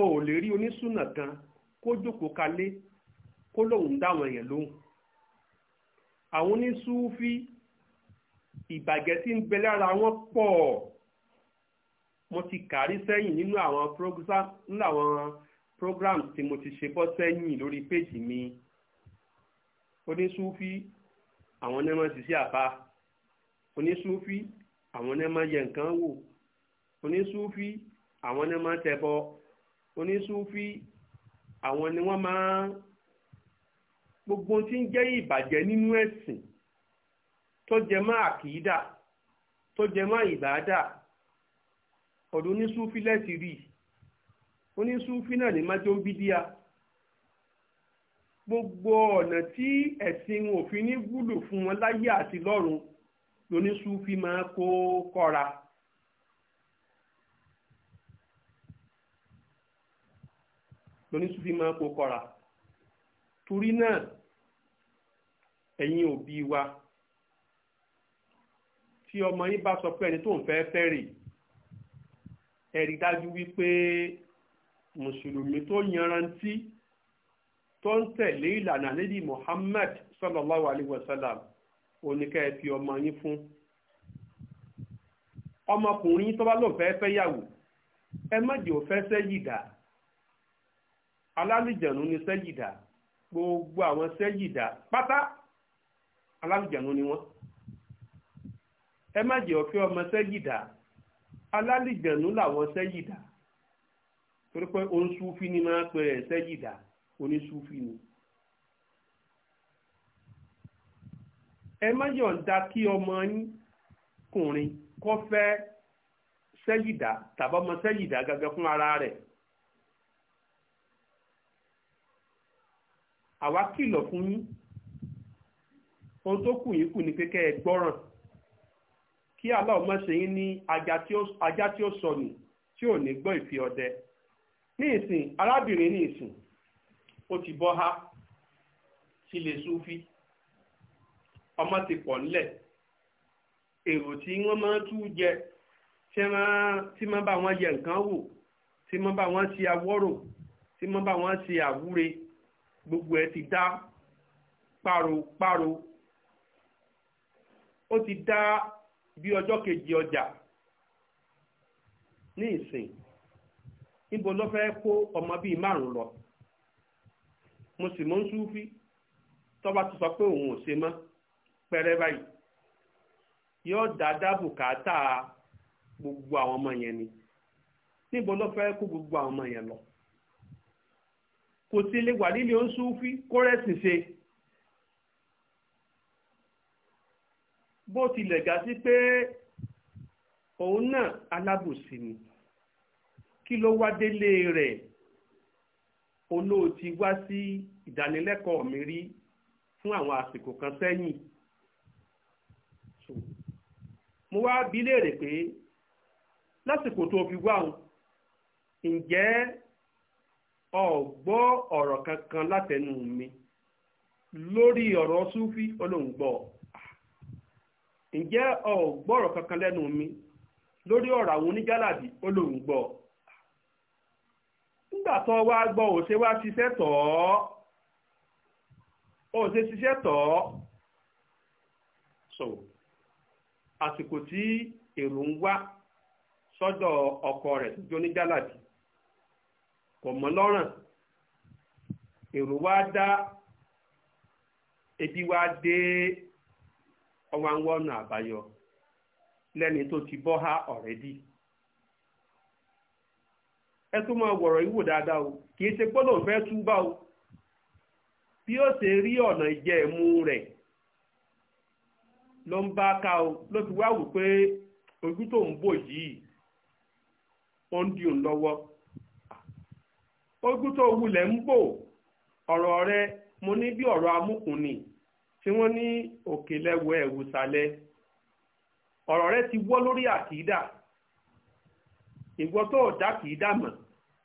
o ò lè rí onísùnà kan kó jókòó kalẹ̀ kó lóun dá àwọn èèyàn lóhùn. àwọn onísùúfí ìbàjẹ́ tí ń bẹ lára wọn pọ̀ mo ti kàrí sẹ́yìn nínú àwọn program nínú àwọn programs tí mo ti ṣe bọ́ sẹ́yìn lórí péjì mi oníṣúfí àwọn onímọ̀ ṣiṣẹ́ àbá oníṣúfí àwọn onímọ̀ yẹ nǹkan wò oníṣúfí àwọn onímọ̀ tẹ̀bọ oníṣúfí àwọn ni wọ́n máa gbogbo tí ń jẹ́ ìbàjẹ́ nínú ẹ̀sìn tó jẹ mọ́ àkìídà tó jẹ mọ́ ìbàdà ọ̀dọ̀ onísúfí lẹ́sì rí onísúfí náà ní májó ń bí díà gbogbo ọ̀nà tí ẹ̀sìn wọn ò fi ní wúlò fún wọn láyé àti lọ́run lónísúfí máa kó kọ́ra. lónísúfí máa kó kọ́ra torí náà ẹ̀yin òbí wa tí ọmọ yín bá sọ pé ẹni tó ń fẹ́ fẹ́ rèé ẹ̀rí dájú wípé mùsùlùmí tó yanrantí tó ń tẹ̀lé ìlànà níbi Muhammad sallallahu alayhi wa sallam oníkẹ́ ẹ fi ọmọ yín fún ọmọkùnrin tó bá lóun fẹ́ẹ́ fẹ́yàwó ẹ má jẹ́ òfẹ́ sẹ́yìdà alálìjẹ̀nu ni sẹ́yìdà gbogbo àwọn sẹ́yìdà pátá alálìjẹ̀nu ni wọ́n ẹ má jẹ́ òfẹ́ ọmọ sẹ́yìdà alálìgbẹ̀nú làwọn sẹ́yìdà torí pé oníṣúfì ni máa ń pè rẹ̀ sẹ́yìdà oníṣúfì ni. ẹ má yọ̀ǹda kí ọmọ yín kùnrin kó fẹ́ sẹ́yìdà tàbí ọmọ sẹ́yìdà gẹ́gẹ́ fún ara rẹ̀. àwa kìlọ̀ fún yín ohun tó kù yín kù ni pé kẹ́ ẹ gbọ́ràn kí Allah má ṣe yín ní ajá tí ó sọnù tí ò ní gbọ́ ìfi ọdẹ ní ìsìn arábìnrin ní ìsìn ó ti bọ́ há sílé súfí ọmọ ti pọ̀ ńlẹ̀ èrò tí wọ́n máa tú jẹ tí wọ́n bá wọn yẹ nǹkan wò tí wọ́n bá wọn ṣe awọ́rò tí wọ́n bá wọn ṣe àwúre gbogbo ẹ̀ ti dá páropáro ó ti dá bí ọjọ́ kejì ọjà ní ìsìn níbo ló fẹ́ kó ọmọ bíi márùn lọ mo sì mọ́ ń súfí tọ́ba ti sọ pé òun ò ṣe mọ́ pẹ́rẹ́ báyìí yóò dáadáa bùkátà gbogbo àwọn ọmọ yẹn ni níbo ló fẹ́ kó gbogbo àwọn ọmọ yẹn lọ kò sí ilé wà ó ń súfí kó rẹ̀ sì ṣe. bó tilẹ̀ ga sí pé òun náà alábòsí ni kí ló wá délé rẹ̀ olóòtí wá sí ìdánilẹ́kọ̀ọ́ mi rí fún àwọn àsìkò kan sẹ́yìn mo wá bi léèrè pé lásìkò tó fi wá òun ǹjẹ́ o ọ̀rọ̀ kankan látẹnu mi lórí ọ̀rọ̀ súfí olóńgbò. ǹjẹ́ ọ gbọrọ gbọ́rọ̀ kankan lẹ́nu mi lórí ọ̀rọ̀ àwọn oníjàládì ó lòun gbọ́ nígbà tó wá gbọ́ ò ṣe wá ṣiṣẹ́ tọ̀ ọ́ ò ṣiṣẹ́ tọ̀ ọ́ so àsìkò tí èrò ń wá sọ́dọ̀ ọkọ rẹ̀ tó jẹ́ oníjàládì kò mọ́ lọ́rùn èrò wá dá ebi wá dé. ọwọ́ ń wọ́n ọ̀nà àbáyọ lẹ́ni tó ti bọ́ ha ọ̀rẹ́dì ẹ tún máa wọ̀rọ̀ o kì í ṣe gbọ́dọ̀ fẹ́ o bí ó se rí ọ̀nà ije rẹ̀ lọ n o ló pé ojú tó ń bò yìí ó ń di ojú tí wọ́n ní òkè lẹ́wọ̀ ẹ̀wùsàlẹ̀ ọ̀rọ̀ rẹ ti wọ́ lórí àkìdá ìwọ tó ọ̀dà kìdá mọ̀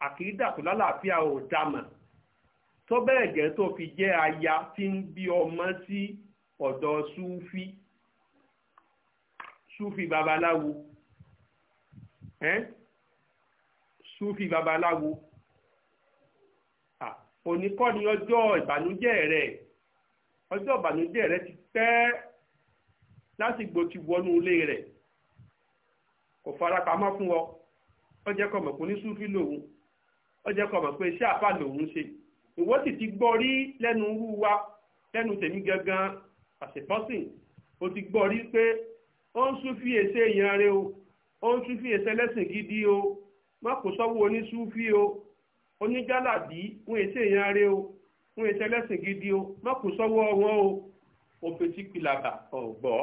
àkìdá tó lálàáfíà ọ̀dà mọ̀ tó bẹ́ẹ̀ gẹ́ tó fi jẹ́ aya tí ń bí ọmọ sí ọ̀dọ̀ súfì súfì babaláwo ẹ́n súfì babaláwo oníkọ́ni ọjọ́ ìbànújẹ́ rẹ̀ ọjọ́ ìbànújẹ́ rẹ ti pẹ́ lásìgbò ti wọnú ilé rẹ̀ kò fara pamọ́ fún ọ ó jẹ́ kó mọ̀ pé oníṣúfì lòun ó jẹ́ kó mọ̀ pé iṣẹ́ àfà lòun ṣe ìwọ sì ti gbọ́ rí lẹ́nu irú wa lẹ́nu tèmi gangan àṣepọ́sìn o ti gbọ́ rí pé ó ń súfì èsè èèyàn rẹ o ó ń súfì èsè lẹ́sìn gidi o má kò sọ́wọ́ oníṣúfì o onígálàbí ń èsè èèyàn rẹ o fún iṣẹ́ lẹ́sìn gidi o má kù sọ́wọ́ wọn o òfin tí pìlàbà ọ̀gbọ́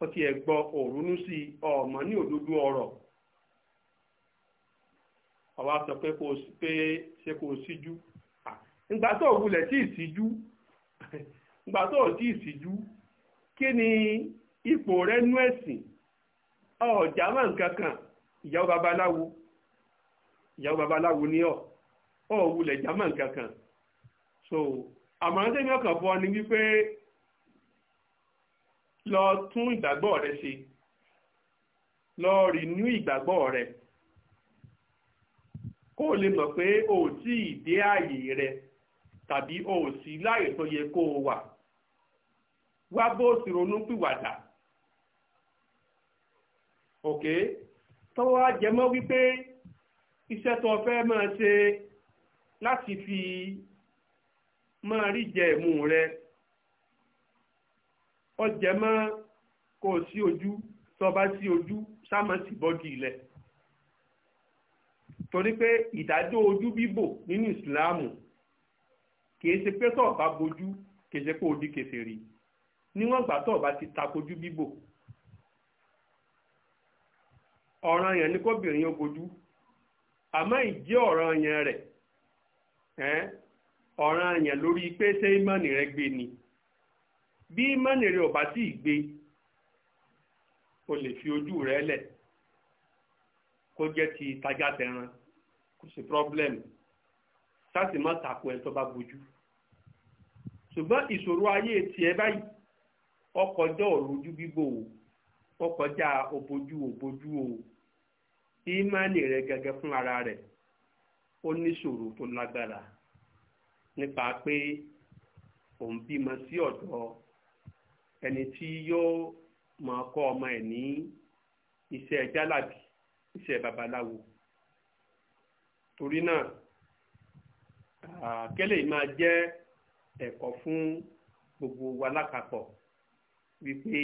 ó ti ẹ̀ gbọ́ òrunú sí i ọ̀mọ́ ní òdodo ọ̀rọ̀ ọba sọ pé kò pé ṣe kò síjú ìgbà tó wulẹ̀ tí ì síjú ìgbà tó tí ì síjú kí ni ipò rẹ nú ẹ̀sìn ọ̀jà máa ń kankan ìyàwó babaláwo ìyàwó babaláwo ni ọ̀ ọ̀wulẹ̀ german kankan so àmọ̀ràn tẹ́mi ọkàn fún ọ ni wípé lọ tún ìgbàgbọ́ rẹ ṣe lọ rìnú ìgbàgbọ́ rẹ kó o lè mọ̀ pé o ò tí ì dé ààyè rẹ tàbí o ò sí láàyè tó yẹ kó o wà wá bó o sì ronú pìwàdà òkè tọ́wọ́ á jẹmọ́ wípé iṣẹ́ tó fẹ́ máa ṣe láti fi máa rí jẹ ìmú rẹ ọjẹ mọ́ kò sí ojú tọba sí ojú sámọ́ sí bọ́dì ilẹ̀ torí pé ìdájọ́ ojú bíbò nínú ìsìláàmù kìí ṣe pé tọ̀ọ̀bá bojú kìí ṣe pé ó di kèfèrí níwọ̀n ìgbà tọ̀ọ̀bá ti takojú bíbò ọ̀ranyàn ni kóbìnrin ó bojú àmọ́ ìjẹ́ ọ̀ranyàn rẹ̀ ọ̀ràn àyàn lórí pé ṣé ìmọ̀nì rẹ gbé ni bí ìmọ̀nì rẹ ò bá tí ì gbé o lè fi ojú rẹ lẹ kó jẹ ti tajàtẹ̀ran kò sí problem sáàsì má tako ẹ tó bá bójú ṣùgbọ́n ìṣòro ayé tiẹ̀ báyìí ọkọjá ọ̀rọ̀ ojú bíbò o ọkọjá òbójú òbójú o ìmánì rẹ̀ gẹ́gẹ́ fún ara rẹ̀ ó níṣòro tó lágbára nípa pé òun bímọ sí ọ̀dọ̀ ẹni tí yóò máa kọ́ ọmọ ẹ̀ ní iṣẹ́ jálàbí iṣẹ́ babaláwo torí náà kẹ́lẹ́ yìí máa jẹ́ ẹ̀kọ́ fún gbogbo wa lápapọ̀ wípé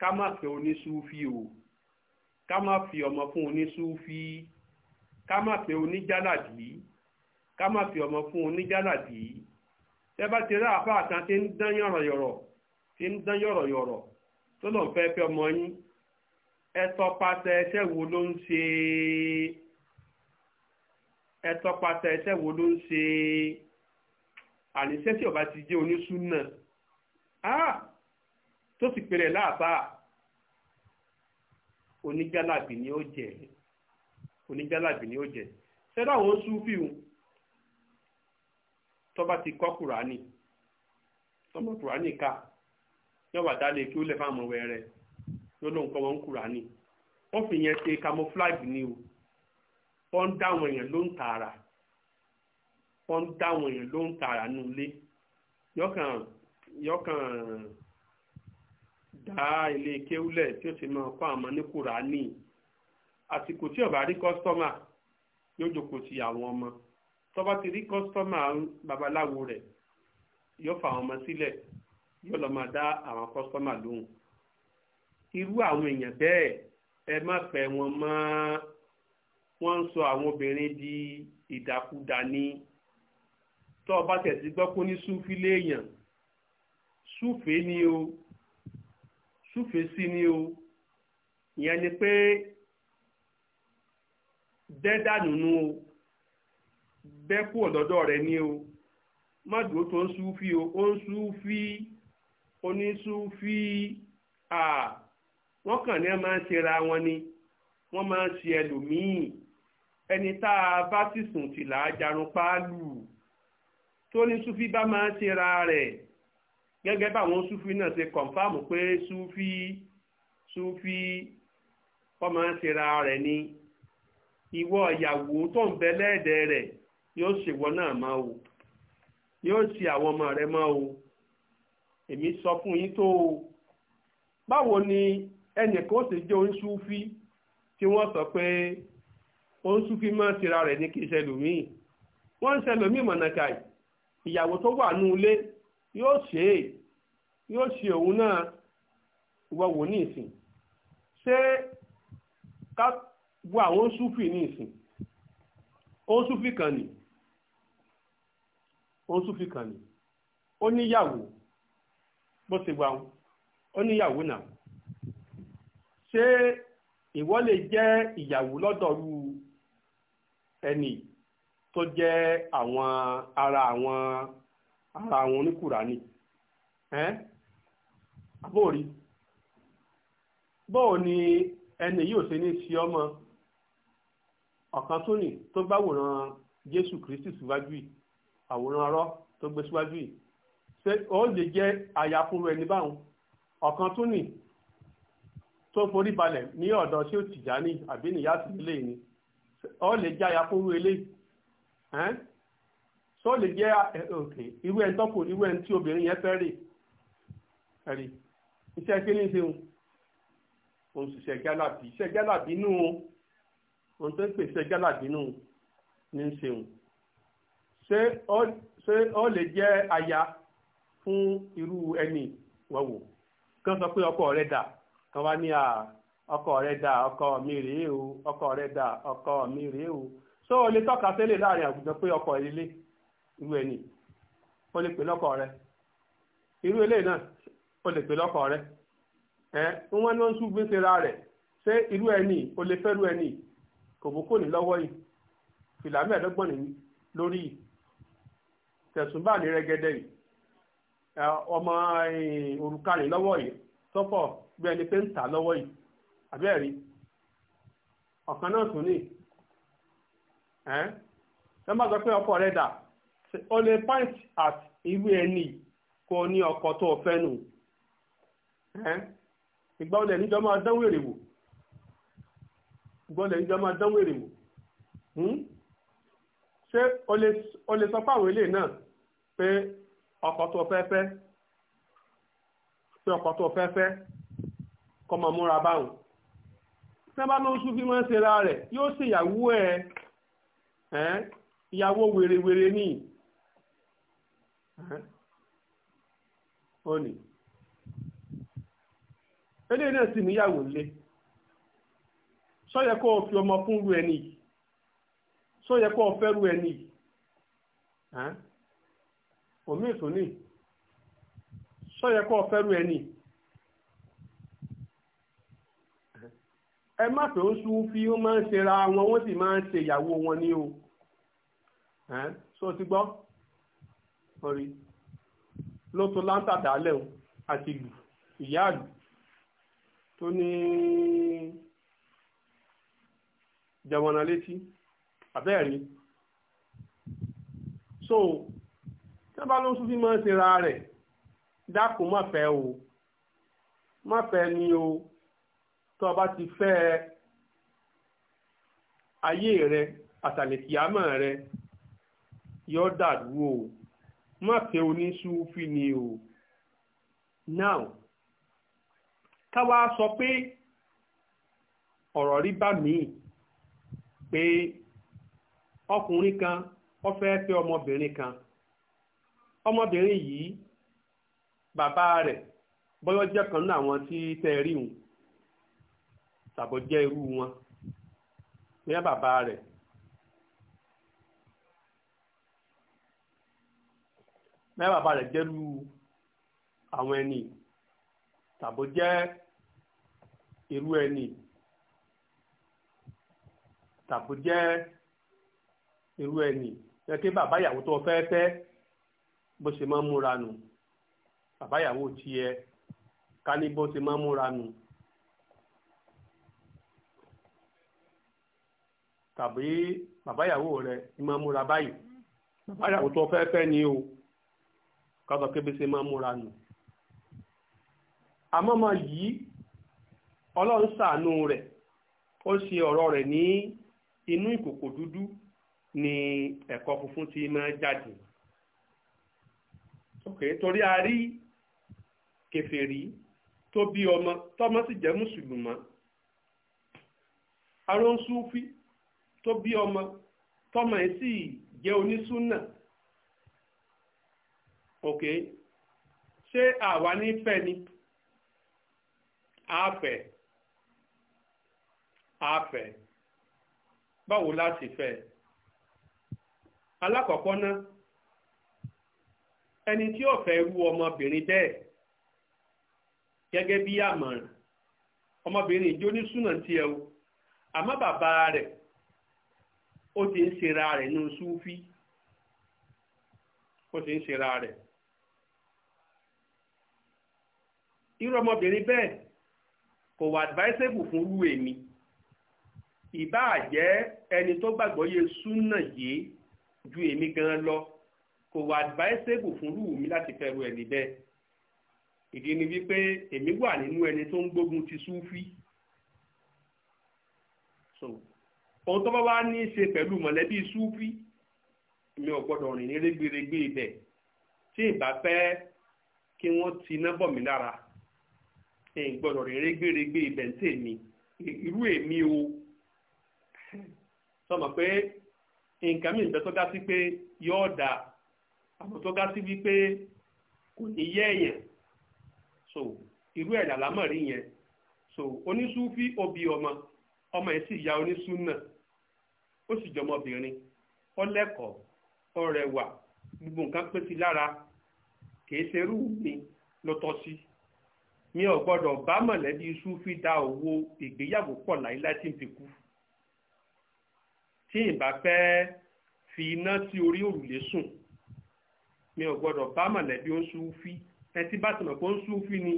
ká má fẹ́ oníṣúfì o ká má fi ọmọ fún oníṣúfì ká má pe oníjàládì ká má fi ọmọ fún oníjàládì tẹ́ bá ti rí àáfàá kan tí ń dán yọ̀rọ̀yọ̀rọ̀ tí ń dán yọ̀rọ̀yọ̀rọ̀ tó lọ́n fẹ́ fẹ́ ọmọ yín ẹ tọpasẹ̀ ẹsẹ̀ wo ló ń ṣe ẹ tọpasẹ̀ ẹsẹ̀ wo ló ń ṣe àníṣẹ́ tí ọba ti jẹ́ oníṣúná tó sì pèrè láàbà oníjàlàbì ni ó jẹ́ oníjàlábì ni ó jẹ ṣẹlẹ̀ àwọn súfì ń tọba ti kọ kùránì tọmọ kùránì ká yọwà dálé kí ó lè fáwọn ọmọ rẹ ló lóun kọ wọn kùránì wọn fi yẹn ṣe camouflage ni o wọn ń dá àwọn èèyàn ló ń tààrà wọn ń dá àwọn èèyàn ló ń tààrà nù lé yọkàn dá ilé kéwúlẹ̀ tí ó ti máa kọ́ àwọn ní kùránì àsìkò tí ó bá rí kọ́sítọ́mà yóò jókòó ti àwọn ọmọ tó bá ti rí kọ́sítọ́mà babaláwo rẹ̀ yóò fa àwọn ọmọ sílẹ̀ yóò lọ máa dá àwọn kọ́sítọ́mà lóhùn irú àwọn èèyàn bẹ́ẹ̀ ẹ má pẹ́ wọn mọ́ wọ́n ń sọ àwọn obìnrin di ìdàkudà ni tó tẹ̀sí gbọ́ kó ní súnfí léèyàn súfèé ni o súfèé sí ni o ìyẹn ni pé bẹ́ẹ̀dà nùnú o bẹ́ẹ̀ kúrò lọ́dọ̀ rẹ ní o má dúró tó ń súfì o ó ń súfì onísúfì à wọ́n kàn ní ẹ máa ń ṣera wọn ni wọ́n máa ń ṣe ẹlòmíì ẹni tá a bá sì sùn tìlà jarun páálù tó ní súfì bá máa ń ṣera rẹ̀ gẹ́gẹ́ báwọn súfì náà ṣe kọ̀ǹfàmù pé súfì súfì wọ́n máa ń ṣera rẹ̀ ni ìwọ ìyàwó tó ń bẹ lẹ́ẹ̀dẹ̀ rẹ̀ yóò ṣèwọ náà máa o yóò ṣe àwọn ọmọ rẹ máa o èmi sọ fún yín tó o báwo ni ẹnìkan ó sì jẹ́ oníṣúfí tí wọ́n sọ pé oníṣúfí máa tira rẹ̀ ní kí ṣẹlòmíì wọ́n ń ṣẹlòmíì mọ̀nàkà ìyàwó tó wà ní ilé yóò ṣe é yóò ṣe òun náà ìwọ ní ìsìn ṣé wo àwọn súfì ní ìsìn ó súfì kan ni ó súfì kan ni ó níyàwó bó ti wà ó níyàwó náà ṣé ìwọ lè jẹ́ ìyàwó lọ́dọ̀ọ́rù ẹni tó jẹ́ àwọn ara àwọn ara àwọn oníkùránì ẹ́ àbórí bóò ni ẹni yóò ṣe ní ṣe ọmọ ọ̀kan tó nì tó gbá wòran Jésù Kristi síwájú yìí àwòrán ọ̀rọ̀ tó gbé síwájú yìí ṣé ó lè jẹ́ àyà fún ẹni báwọn ọ̀kan tó nì tó forí balẹ̀ ní ọ̀dọ̀ ṣé ó Tìjàní àbí nìyá sí ilé ni ó lè jẹ́ àyà fún ilé ṣé ó lè jẹ́ irú ẹni tọkùnrin irú ẹni tí obìnrin yẹn fẹ́ rè ẹ̀rí iṣẹ́ kí ní ṣeun òun sì gálàbí ṣe gálàbí nù ún ohun tó ń pèsè gálàdínú ní ṣeun ṣé ó lè jẹ́ aya fún irú ẹni wọ́n kan sọ pé ọkọ rẹ̀ dà kán wá ní à ọkọ rẹ̀ dà ọkọ mi rèé o ọkọ rẹ̀ dà ọkọ mi rèé o ṣó o lè tọ́ka sílẹ̀ láàrin pé ọkọ ilé irú ẹni o lè pè lọ́kọ iru irú eléyìí o lè pè lọ́kọ rẹ̀ ẹ̀ ń ló ń sún gbèsè ṣé irú ẹni o lè ẹni kòbókò ní lọ́wọ́ yìí fìlà mẹ́ẹ̀ẹ́dọ́gbọ̀n ní lórí yìí tẹ̀sùnbà ní rẹ́gẹ́dẹ́ yìí ọmọ òrùka ní lọ́wọ́ yìí sọ́pọ̀ bí ẹni pé ń tà lọ́wọ́ yìí àbẹ́ẹ̀rí ọ̀kan náà tún ní ẹ́ ẹ má sọ pé ọkọ rẹ dà o lè point at irú ẹni kò ní ọkọ tó fẹ́ nù ẹ́ ìgbà olè níjọ́ máa dánwò èrè wò gbọ́dọ̀ ìjọ máa dánwò èrè wò hmm? ṣé o lè sọ fáwọn ilé náà pé ọkọ tó fẹ́ fẹ́ pé ọkọ tó fẹ́ fẹ́ kọ́ máa múra báwọn sábà ló ń súnfí máa ń ṣe ra rẹ̀ yóò ṣe ìyàwó ẹ̀ ìyàwó wèrèwèrè ní òní eléyìí náà sì níyàwó lé sọ́yẹ kó o fi ọmọ fún ru ẹni yìí sọ́yẹ kó o fẹ́ ru ẹni yìí omi ìtòní sọ́yẹ kó o fẹ́ ru ẹni ẹ má pé ó sún fi ó máa ń ṣera wọn wọ́n sì máa ń ṣe ìyàwó wọn ní o so ti gbọ́ orí ló tó láńtà o àti ìyá àlù tó ní jẹmọ́nà létí àbẹ́ẹ̀rí so tábà ló sún sí mọ́ ṣe ra rẹ̀ dákun má fẹ́ o má fẹ́ ni o tó o bá ti fẹ́ ayé rẹ àtàlẹ̀kìámọ̀ rẹ yọ dàrú o má fẹ́ oníṣúfì ni o now káwa sọ pé ọ̀rọ̀ rí bá mi-ín pé ọkùnrin kan ó fẹ́ fẹ́ ọmọbìnrin kan ọmọbìnrin yìí bàbá rẹ̀ bọ́yọ́ jẹ́ kan náà wọn tí tẹ́ rí hùn tàbọ̀ jẹ́ irú wọn ní bàbá rẹ̀ ní bàbá rẹ̀ jẹ́ irú àwọn ẹni tàbọ̀ jẹ́ irú ẹni. tàbí jẹ́ irú ẹni jẹ́ kí bàbá ìyàwó tó fẹ́ fẹ́ bó ṣe máa ń múra nù bàbá ìyàwó ká ní bó ṣe máa ń múra nù. tàbí bàbá ìyàwó rẹ ni máa tó fẹ́ fẹ́ ni o inú ìkòkò dúdú ni ẹ̀kọ́ funfun ti máa jáde ok torí a rí kèfèrí tó bí ọmọ tọmọ sì jẹ́ mùsùlùmọ́ aróńsúfí tó bí ọmọ tọmọ ẹ̀ sì jẹ́ onísúnà ok ṣé àwa ní fẹ́ ni àfẹ́ àfẹ́. báwo láti fẹ́ alákọ̀ọ́kọ́ náà ẹni tí ó fẹ́ rú ọmọbìnrin bẹ́ẹ̀ gẹ́gẹ́ bí àmọ̀ràn ọmọbìnrin ìjó ní súnà tí ẹ o àmọ́ bàbá rẹ̀ ó ti ń ṣera rẹ̀ nínú súfí ó ti ń ṣera rẹ̀ irú ọmọbìnrin bẹ́ẹ̀ kò wà advisable fún rú èmi. E ìbáà jẹ́ ẹni tó gbàgbọ́ yé súnà yìí ju èmi gan lọ kò wà advisable fún rúù mi láti fẹ́ ru bẹ́ẹ̀ ìdí ni wípé èmi wà nínú ẹni tó ń gbógun ti súfí so ohun tó bá wá ní í ṣe pẹ̀lú mọ̀lẹ́bí súfí mi ò gbọ́dọ̀ rìn ní rẹ́gbẹ̀rẹ́gbẹ̀ ibẹ̀ tí ìbá fẹ́ kí wọ́n ti iná bọ̀ mí lára ẹ̀ ń gbọ́dọ̀ rìn rẹ́gbẹ̀rẹ́gbẹ̀ ibẹ̀ ń tèmi irú èmi o sọmọ pé nǹkan mi ń bẹ tó ga sí pé yóò dà àmọ́ tó ga sí wípé kò ní yé èèyàn so irú ẹ̀ làlámọ̀ rí yẹn so onísúfí obì ọmọ ọmọ yẹn sì ya onísúnà ó sì jọmọbìnrin ó lẹ́kọ̀ọ́ ó rẹwà gbogbo nǹkan pé sí lára kìí ṣerú mi ló tọ́ sí mi ò gbọ́dọ̀ bá mọ̀lẹ́bí súfí dá owó ìgbéyàwó pọ̀ láyé láti fi kú. tí ìbá fẹ́ fi iná sí orí òrùlé sùn mi ò gbọ́dọ̀ bá mọ̀lẹ́bí ó ń súnfí ẹtí bá ti mọ̀ pé ó ń súnfí ni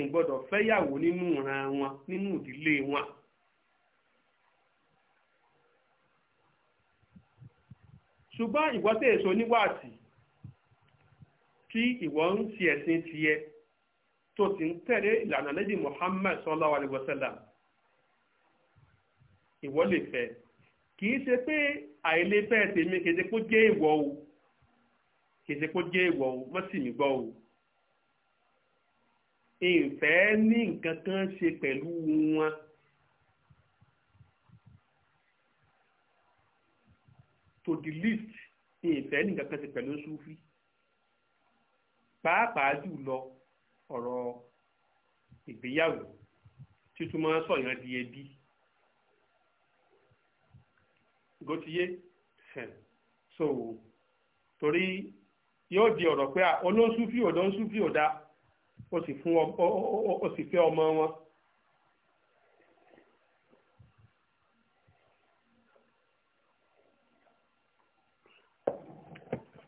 n gbọ́dọ̀ fẹ́yàwó nínú ìran wọn nínú ìdílé wọn. ṣùgbọ́n ìwọ tẹ̀ èso níwáàtì tí ìwọ ń ti ẹ̀sìn tiẹ̀ tó ti ń tẹ̀lé ìlànà lẹ́yìn Muhammad sallallahu alaihi wasallam ìwọ lè fẹ́ kì í ṣe pé àìlébẹ́ tèmi kèdè kó jẹ́ ìwọ o kèdè kó jẹ́ ìwọ o mọ́ sì mí gbọ́ o ìfẹ́ ní nǹkan kan ṣe pẹ̀lú wọn. to the least ìfẹ́ ní nǹkan kan ṣe pẹ̀lú sufi pàápàá jùlọ ọ̀rọ̀ ìgbéyàwó títún máa ń sọ̀yàn di ẹbí. gòtíyé so torí yóò di ọ̀rọ̀ pé olóńsúfì ò lóńsúfì ò dá ó sì fún ó sì fẹ́ ọmọ wọn.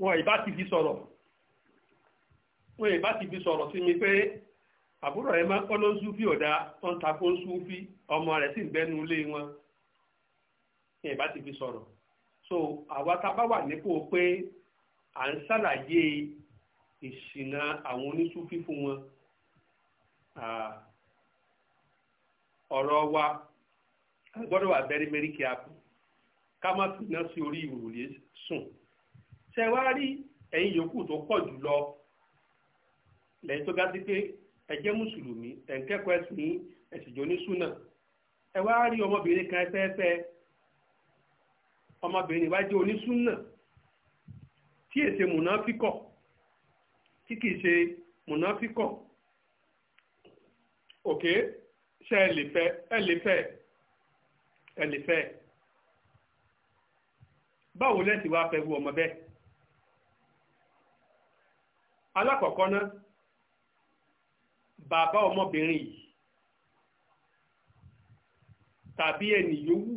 wọn ìbá ti fi sọ̀rọ̀ wọn ti fi sọ̀rọ̀ sí mi pé àbúrò ẹ̀ máa ń kọ́ lóńsúfì ò ọmọ rẹ̀ sì ń bẹ́nu ilé ẹ̀ bá ti fi sọ̀rọ̀ so àwa tá a bá wà nípò pé à ń ṣàlàyé ìṣìnà àwọn oníṣúfí fún wọn ọ̀rọ̀ wa gbọ́dọ̀ wà bẹ́rí mẹ́rí kí a kù ká má fi iná sí orí ìròlé sùn ṣe wá rí ẹ̀yin yòókù tó pọ̀ jù lọ lẹ́yìn tó ga sí pé ẹ jẹ́ mùsùlùmí ẹ̀ ń kẹ́kọ̀ọ́ ẹ̀sìn ẹ̀sìn jọ ní súnà ẹ wá rí ọmọbìnrin kan fẹ́ẹ́fẹ́ ọmọbìnrin wá jẹ́ onísúnà tí èsè mùnáfíkọ̀ tí kìí ṣe mùnáfíkọ̀ òkè ṣe ẹ lè fẹ́ ẹ lè fẹ́ ẹ lè fẹ́ báwo lẹ́sì wá fẹ́ wú ọmọ bẹ́ẹ̀ alákọ̀ọ́kọ́ náà bàbá ọmọbìnrin yìí tàbí ẹnì yòówù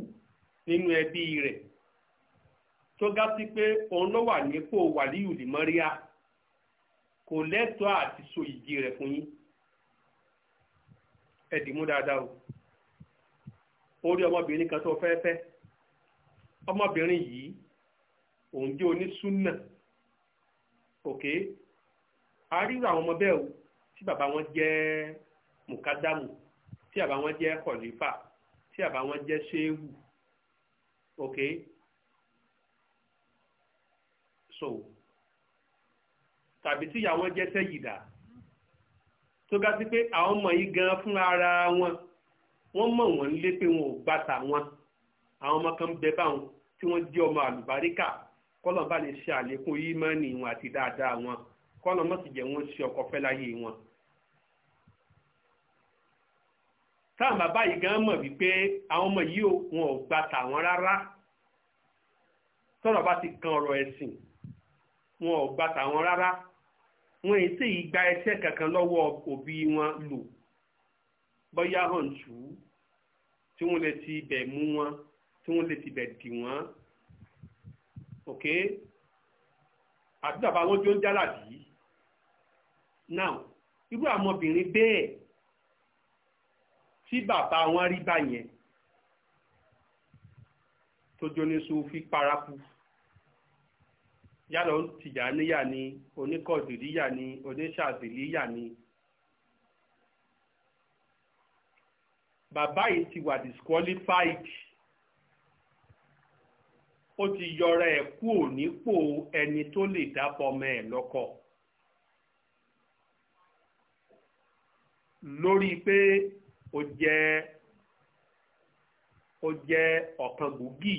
nínú ẹbí rẹ̀ tó ga sí pé òun ló wà nípò wàlíù lìmọ́ríà kò lẹ́tọ̀ọ́ àti so ìdí rẹ̀ fún yín ẹ̀dìmú dáadáa o orí ọmọbìnrin kan tó fẹ́ fẹ́ ọmọbìnrin yìí òun jẹ́ onísúnà òkè a àwọn ọmọ bẹ́ẹ̀ o tí bàbá wọn jẹ́ mùkádámù tí bàbá wọn jẹ́ kọ̀lífà tí bàbá wọn jẹ́ ṣéwù òkè. Okay? so tàbí tíyàwó jẹ́ sẹ́yìdà tó ga sí pé àwọn ọmọ yìí gan fún ara wọn wọ́n mọ̀ wọ́n lé pé wọn ò gbà tà wọn àwọn ọmọ kan bẹ báwọn tí wọ́n jẹ́ ọmọ àlùbáríkà kọ́lọ̀ bá lè ṣe àlékún ìmánì wọn àti dáadáa wọn kọ́lọ̀ mọ̀ sì jẹ́ wọ́n ṣe ọkọ fẹ́ láyé wọn. táwọn bàbá yìí gan mọ̀ wípé àwọn ọmọ yìí wọn ò gbà tà wọn rárá tọ́rọ̀ bá ti kan ọ̀rọ̀ ẹ̀sìn wọn ò gbà tàwọn rárá wọn èyí sì gba ẹsẹ̀ kankan lọ́wọ́ òbí wọn lò bóyá hàn tù ú tí wọ́n lè ti bẹ̀ mú wọn tí wọ́n lè ti bẹ̀ dì wọ́n ok àdúrà bá wọn jó ń jálàbí now irú àwọn obìnrin bẹ́ẹ̀ tí bàbá wọn rí báyẹn tó jóni sùn fi paraku. yálà tìjàníyà ni oníkọ̀dìríyà ni oníṣàzìlíyà ni. bàbá yìí ti wà disqualified ó ti yọra ẹ̀ onipo nípò ẹni tó lè dábọ̀ ọmọ ẹ̀ lọ́kọ. lórí pé ó jẹ́ ó jẹ́ ọ̀kan gbòógì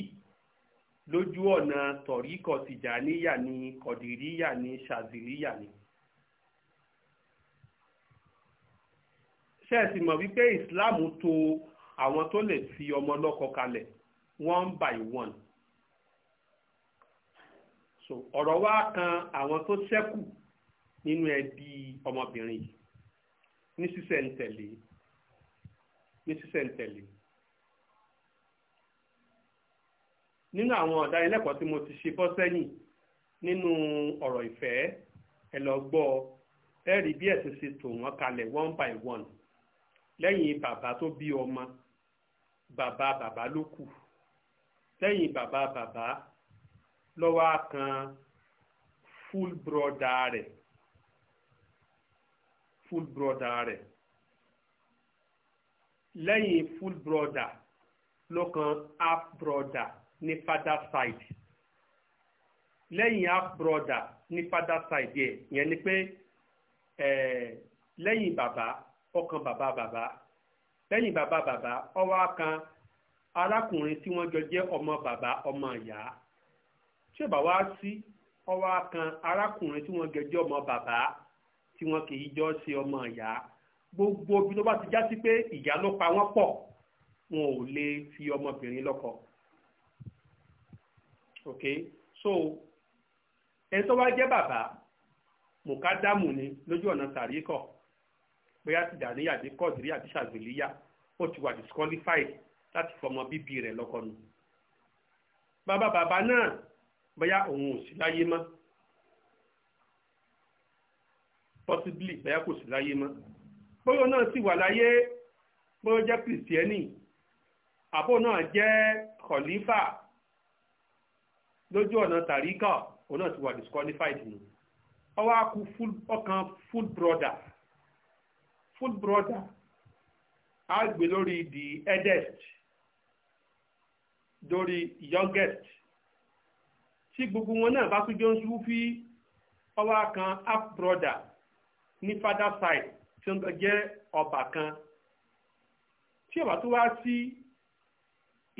lójú ọ̀nà tọ̀ríkọ̀ tìjàníyà ni kọ̀dìríyà ni ṣàzìríyà ni. ṣé ẹ sì mọ̀ wípé Islam tò àwọn tó lè fi ọmọ lọ́kọ kalẹ̀ one by one. so ọ̀rọ̀ wa kan àwọn tó ṣẹ́kù nínú ẹbí ọmọbìnrin yìí ní sísẹ̀ntẹ̀lé ní sísẹ̀ntẹ̀lé. nínú àwọn ọ̀dánilẹ́kọ̀ọ́ tí mo ti ṣe bọ́ sẹ́yìn nínú ọ̀rọ̀ ìfẹ́ ẹ lọ gbọ́ ẹ rí bí ẹ̀sìn ṣe tò wọ́n kalẹ̀ one by one lẹ́yìn bàbá tó bí ọmọ bàbá bàbá ló kù lẹ́yìn bàbá bàbá lọ́wọ́ kan full brother rẹ̀ full brother rẹ̀ lẹ́yìn full brother ló kan half brother ní father side lẹ́yìn half brother ní father side yẹ ìyẹn ni pé lẹ́yìn bàbá ọkàn bàbá baba lẹ́yìn bàbá bàbá ọwọ́ kan arákùnrin tí wọ́n jọ jẹ́ ọmọ bàbá ọmọ ìyá tí ò bá wá sí ọwọ́ kan arákùnrin tí wọ́n jọ jẹ́ ọmọ bàbá tí wọ́n kì í jọ ṣe ọmọ ìyá gbogbo ibi tó bá ti já sí pé ìyá ló pa wọ́n pọ̀ wọn ò lè fi ọmọbìnrin lọ́kọ ok so ẹni tó wá jẹ́ bàbá mùkádàmù ni lójú ọ̀nà tàríkọ̀ bóyá ti dà níyà bí kọ́ọ̀dìrí àti ṣàgbéléyà ó ti wà disqualified láti fọmọ bíbí rẹ̀ lọ́kọ̀nù. bàbá bàbá náà bóyá òun ò sí láyé mọ́ possibly bóyá kò sí láyé mọ́ bóyá náà sì wà láyé bóyá jẹ́ kìrìsìtẹ́nì àbó náà jẹ́ kọ̀lífà lójú ọ̀nà tàríkà òun náà ti wà disqualified nù ọwọ́ akú ọkàn full brother full brother á gbé lórí the eldest lórí youngest tí gbogbo wọn náà bá tún jọ ń súfí ọwọ́ kan half brother ní father side tí wọ́n jẹ́ ọba kan tí ọba tó wá sí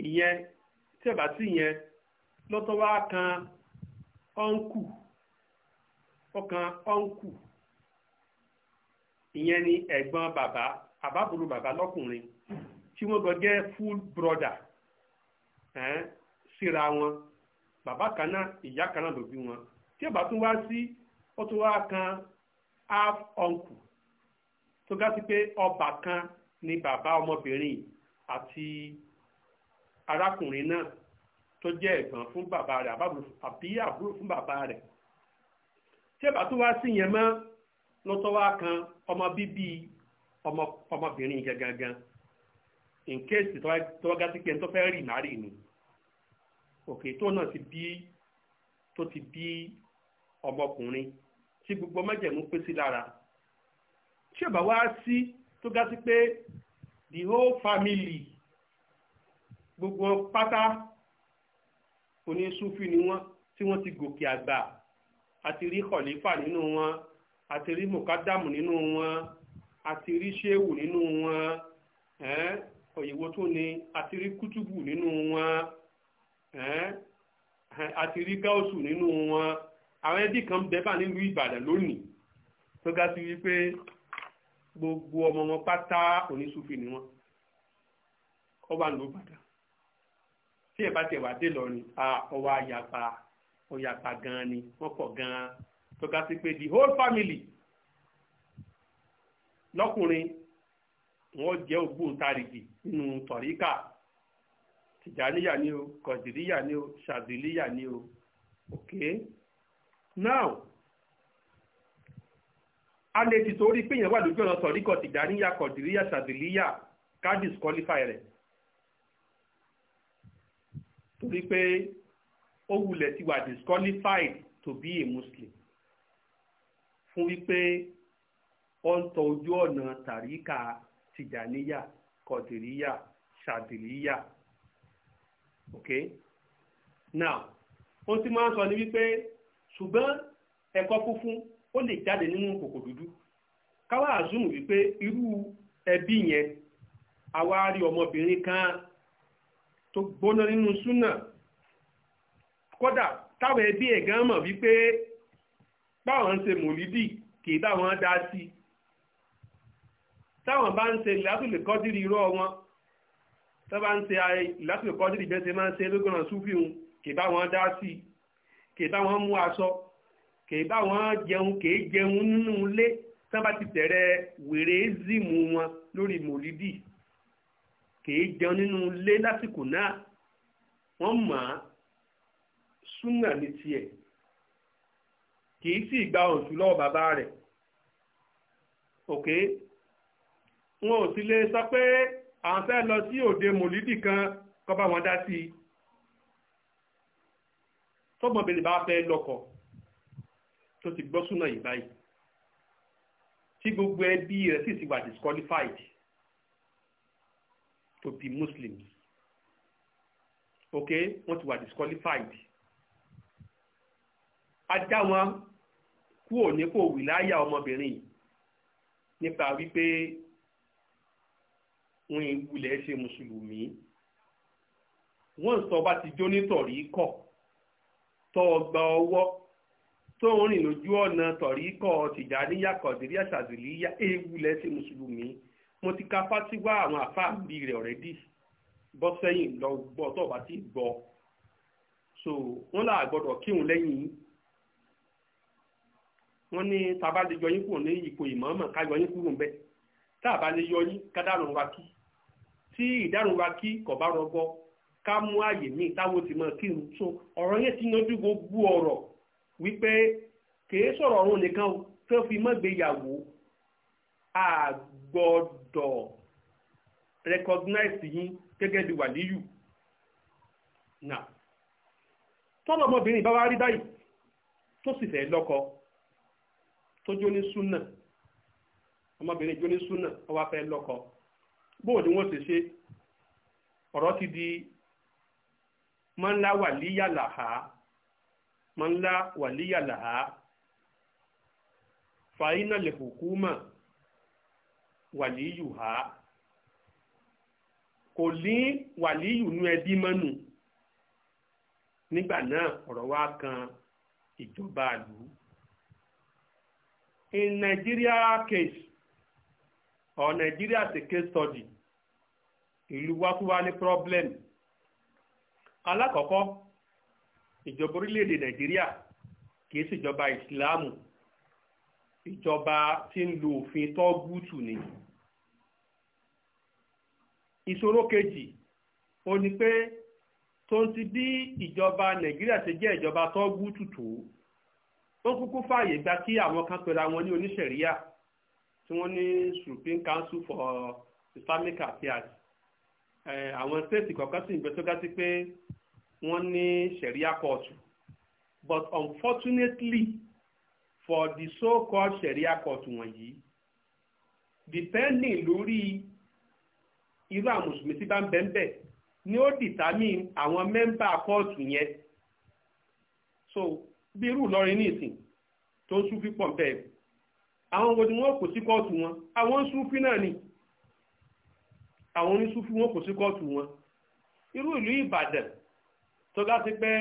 ìyẹn tí ọba sí ìyẹn ló tó wá kan ọ̀nkù ọkàn ọ̀nkù ìyẹn ni ẹ̀gbọ́n bàbá àbábòrò bàbá lọ́kùnrin tí wọ́n gbọ́ jẹ́ full brother ẹ̀ẹ́n síra wọn bàbá kan náà ìyá kan náà ló bí wọn tí ó bá tún wá sí ó kan half uncle tó ga sí pé ọbàkan ni bàbá ọmọbìnrin àti arákùnrin náà tó jẹ́ ẹ̀gbọ́n fún bàbá rẹ̀ àbí àbúrò fún bàbá rẹ̀ tí ẹ̀bà tó wá sí yẹn mọ́ lọ́tọ́ wá kan ọmọ bíbí ọmọbìnrin yẹn gangan in case tó wá gásí pé ẹni tó fẹ́ rì má rì ni òkè tó náà ti bí tó ti bí ọmọkùnrin tí gbogbo májẹ̀mú pé sí lára tí ẹ̀bà wá sí tó gásí pé the whole family gbogbo pátá oníṣúfì ni wọ́n tí wọ́n ti gòkè àgbà àti rí kọ̀lífà nínú wọn àti rí mùkádàmù nínú wọn àti rí ṣéwù nínú wọn òyìnbó tó ni àti rí kútùbù nínú wọn àti rí gáúsù nínú wọn àwọn ẹbí kan bẹ bá nílùú Ìbàdàn lónìí tó ga sí wípé gbogbo ọmọ wọn pátá oníṣúfì ni wọn ọba ń lo tí ẹ bá tẹ̀ wá dé lọ́rin ọwọ́ àyàpá ọ̀yàpá gan-an ni wọ́n pọ̀ gan tó ga sí pé the whole family lọ́kùnrin wọ́n jẹ́ ògbóǹtarìgì nínú tọ̀ríkà tìjàníyà ni o kọ̀dìríyà ni o ṣàdìlíyà ni o okay now a lè ti torí pé èèyàn wà lójú ọ̀nà tọ̀ríkọ̀ tìjàníyà kọ̀dìríyà ṣàdìlíyà ká disqualify rẹ̀ torí pé ó wulẹ̀ ti wà disqualified to be a muslim fún wípé ó ń tọ ojú ọ̀nà tàríkà tìjàníyà kọ̀dìríyà ṣàdìríyà ok now ti máa ń sọ ni wípé ṣùgbọ́n ẹ̀kọ́ funfun ó lè jáde nínú kòkò dúdú káwá àzùmù wípé irú ẹbí yẹn kan tó gbóná nínú súnà kódà táwọn ẹbí ẹ̀ gan mọ̀ wípé báwọn ń ṣe mòlídì kì í báwọn dá sí i táwọn bá ń ṣe ìlàtòlè kọ́dìrì irọ́ wọn tó bá ń ṣe ìlàtòlè kọ́dìrì bẹ́ẹ̀ ṣe máa ń ṣe lógúnà súfìhun kì í báwọn dá sí kì í báwọn mú aṣọ kì í báwọn jẹun kì í jẹun nínú ilé tó bá ti tẹ̀rẹ̀ wèrè zimu wọn lórí mòlídì kìí jẹun nínú ilé lásìkò náà wọ́n mọ̀ á súnà ní tiẹ̀ kìí sì gba oṣù lọ́wọ́ bàbá rẹ̀ òkè wọn ò sì lè sọ pé àwọn fẹ́ lọ sí òde mòlídì kan kọ́ bá wọn dá sí i tọ́gbọ̀nbẹ̀lẹ̀ bá fẹ́ lọ́kọ tó ti gbọ́ súnà yìí báyìí tí gbogbo ẹbí rẹ̀ sì ti wà disqualified to be Muslims okay wọ́n ti wà disqualified a dá wọn kúrò nípò wìláyà ọmọbìnrin nípa wípé wọn ìwulẹ̀ ṣe mùsùlùmí wọ́n sọ bá ti jó nítọ̀rí kọ̀ tọ́ ọgbà ọwọ́ tó ń rìn lójú ọ̀nà tọ̀rí kọ̀ tìjà níyà kọ̀dìrí àṣàzìlíyà èèwù lẹ́sìn mùsùlùmí mo ti ka fásiwá àwọn àfáàbí rẹ̀ ọ̀rẹ́dì bọ́ sẹ́yìn lọ gbọ́ tó bá ti gbọ́ so wọ́n là gbọ́dọ̀ kírun lẹ́yìn wọ́n ní tàbá lè yọ yín kúrò ní ipò ìmọ̀ọ́mọ̀ ká yọ yín kúrò ń bẹ̀ tàbá lè yọ yín kádàrún wa kí tí ìdárun wa kí kò bá rọgbọ ká mú àyè míì táwọn ti mọ kírun so ọ̀rọ̀ yẹn ti yanjú gbogbo ọ̀rọ̀ wípé kèé sọ̀rọ̀ ọ̀run nìkan tó fi mọ́gbéyàwó a gbọ́dọ̀ recognize yín gẹ́gẹ́ bí wàlíyù náà tọ́lọ̀ ọmọbìnrin bá wá rí báyìí tó sì fẹ́ lọ́kọ tó jó ní súnà ọmọbìnrin jó ní súnà ó wá fẹ́ lọ́kọ bóò ni wọ́n ṣe ṣe ọ̀rọ̀ ti di mọ́nlá wàlíyàlàhà mọ́nlá wàlíyàlàhà lè wàlíyù ha kò ní wàlíyù nú ẹbí mọ́nù nígbà náà ọ̀rọ̀ wá kan ìjọba àlú in Nigeria case or Nigeria as case study ìlú wa tún wá ní problem alákọ̀ọ́kọ́ ìjọba orílẹ̀-èdè Nàìjíríà kìí ṣèjọba ìsìláàmù ìjọba tí ń lo òfin tọ́gùtù nìyí ìṣòro kejì ó ní pé tó ń ti bí ìjọba nàìjíríà ṣe jẹ́ ìjọba tó gbú tutù ó kúkú fààyè gba kí àwọn kan pera wọn ní oníṣẹ̀ríyà tí wọ́n ní supreme council for islamic affairs àwọn stéètì kọ̀ọ̀kan sì ń gbé sóga sí pé wọ́n ní ṣẹ̀ríà kóòtù but unfortunately for the so-called ṣẹ̀ríà kóòtù wọ̀nyí depending lórí irú àwọn mùsùlùmí tí bá ń bẹ́ńbẹ́ ni ó dìtámì àwọn mẹ́mbà kóòtù yẹn so bí irú Ìlọrin ní ìsìn tó ń súnfí pọ̀ bẹ́ẹ̀ àwọn wo ni wọ́n kò sí kóòtù wọn àwọn súnfí náà ni àwọn onísúnfí wọn kò sí kóòtù wọn irú ìlú Ìbàdàn tó dá sí pé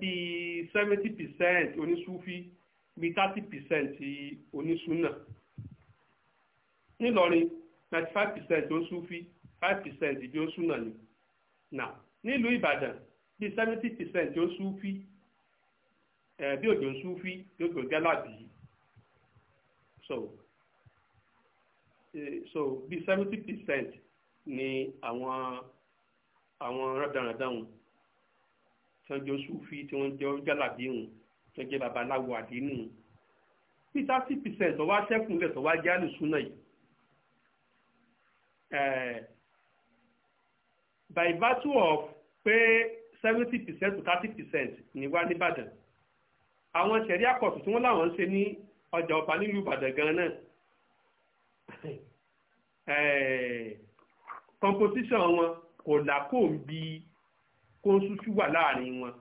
bíi seventy percent onísúnfí bíi thirty percent onísúnà nílọrin ninety five percent ó súfí five percent bí ó súnà ni now nílùú ìbàdàn bí seventy percent ó súfí bí òjò ń súfí bí òjò gẹ́làbì so so bí 70% percent ni àwọn àwọn rádaràdáhùn tí wọ́n jẹ́ súfí tí wọ́n jẹ́ gẹ́làbì hùn tí wọ́n jẹ́ babaláwo àdínù bí thirty percent tó wá ṣẹ́kùnlẹ̀ tó wá jẹ́ àlùsùn náà yìí Eh, by virtue of pé seventy percent to thirty percent ní wá nìbàdàn àwọn sẹ̀rí àkọ́tù tí wọ́n láwọn ń ṣe ní ọjà ọba nílùú ìbàdàn gan náà eh, composition wọn kò làkó ń bi kóńsúsú wà láàrin wọn.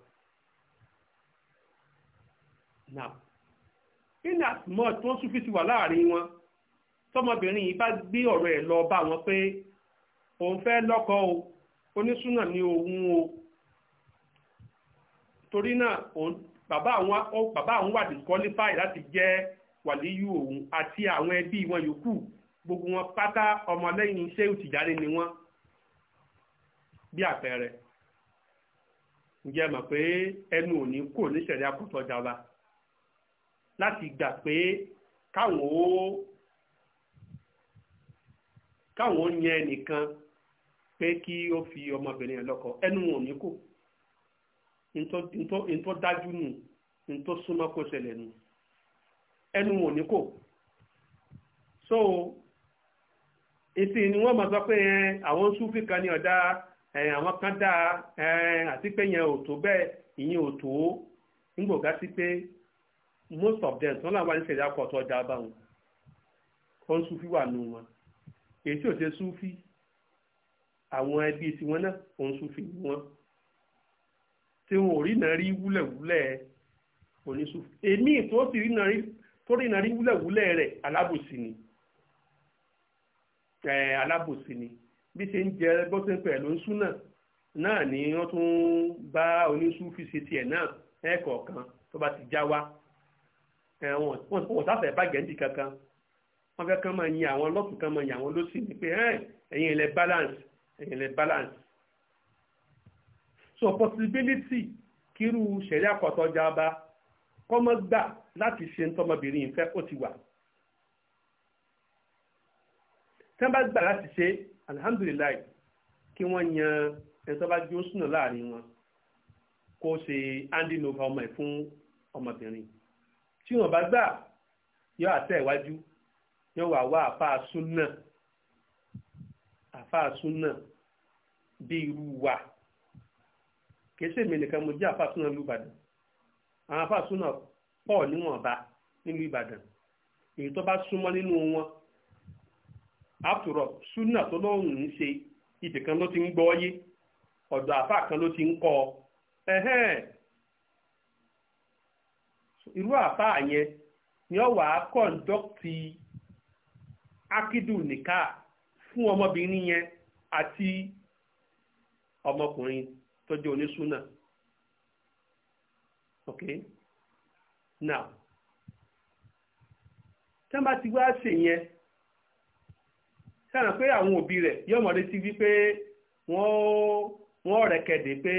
now in as much kóńsúsú ti wà láàrin wọn tọmọbìnrin yìí bá gbé ọ̀rọ̀ ẹ̀ lọ bá wọn pé òun fẹ́ lọ́kọ o onísùnà ni òun o torí náà bàbá àwọn wà disqualify láti jẹ́ wàlíyù òun àti àwọn ẹbí wọn yòókù gbogbo wọn pátá ọmọlẹ́yìn Ṣéhù Tìjání ni wọ́n bí àpẹẹrẹ ǹjẹ́ mọ̀ pé ẹnu òní kò níṣẹ̀lẹ̀ akọ̀tọ̀ jàmbá láti gbà pé káwọn ó káwọn ó yan pé kí ó fi ọmọbìnrin yẹn lọ́kọ ẹnu wọn ní kò dájú nù ntọ́ kó nù ẹnu wọn so ìsìn ni wọ́n máa sọ pé àwọn súnfì kan ní ọ̀dá àwọn kan dá àti pé yẹn ò tó bẹ́ẹ̀ ìyẹn most of them tí làwọn ọjà ń èyí tí ò ṣe súfì àwọn ẹbí tiwọn náà òun súfì ni wọn tí wọn ò rí náà rí wúlẹ̀wúlẹ̀ onísúfì èmi tó sì rí náà rí tó rí náà rí wúlẹ̀wúlẹ̀ rẹ̀ alábòsí ni ẹ alábòsí ni bí ṣe ń jẹ bọ́sẹ̀ pẹ̀ ló ń sún náà náà ni wọ́n tún bá onísúfì ṣe tiẹ̀ náà ẹ̀ẹ̀kọ̀ọ̀kan tó bá ti já wa wọn ò sáfẹ́ bá gẹ̀ẹ́dì kankan wọ́n fẹ́ kán máa yin àwọn lọ́tún kán máa yin àwọn lọ́sì ni pé ẹ̀yin ilẹ̀ balance ẹ̀yin ilẹ̀ balance. so possibility kírú ṣẹ̀rí àkọ́tọ́ jábá kọ́mọ́ gbà láti ṣe ń tọmọbìnrin ìfẹ́ ó ti wà. tí wọ́n bá gbà láti ṣe alhamdulilayi kí wọ́n yan ẹni tó bá jó sùnà láàrin wọn kó ṣe handing over ọmọ ẹ̀ fún ọmọbìnrin tí wọ́n bá gbà yọ àtẹ̀ ìwájú yóò awa wá àfáà súnà àfáà bi iru wa kese ṣèmi mo jẹ́ àfáà súnà lu ibadan àwọn àfáà súnà pọ̀ níwọ̀nba ọba Ìbàdàn èyí tó bá súnmọ́ nínú wọn àtúrọ̀ súnà tó lóhùn ń ṣe ibì kan ló ti ń gbọ́ yé ọ̀dọ̀ afa kan ló ti ń ọ irú akidu nìka fún ọmọbìnrin yẹn àti ọmọkùnrin tó onye onísúnà ok now tí ti wá ṣe yẹn sáà pé àwọn òbí rẹ̀ yóò mọ̀ retí wípé wọ́n rẹ̀ kẹ̀dẹ̀ pé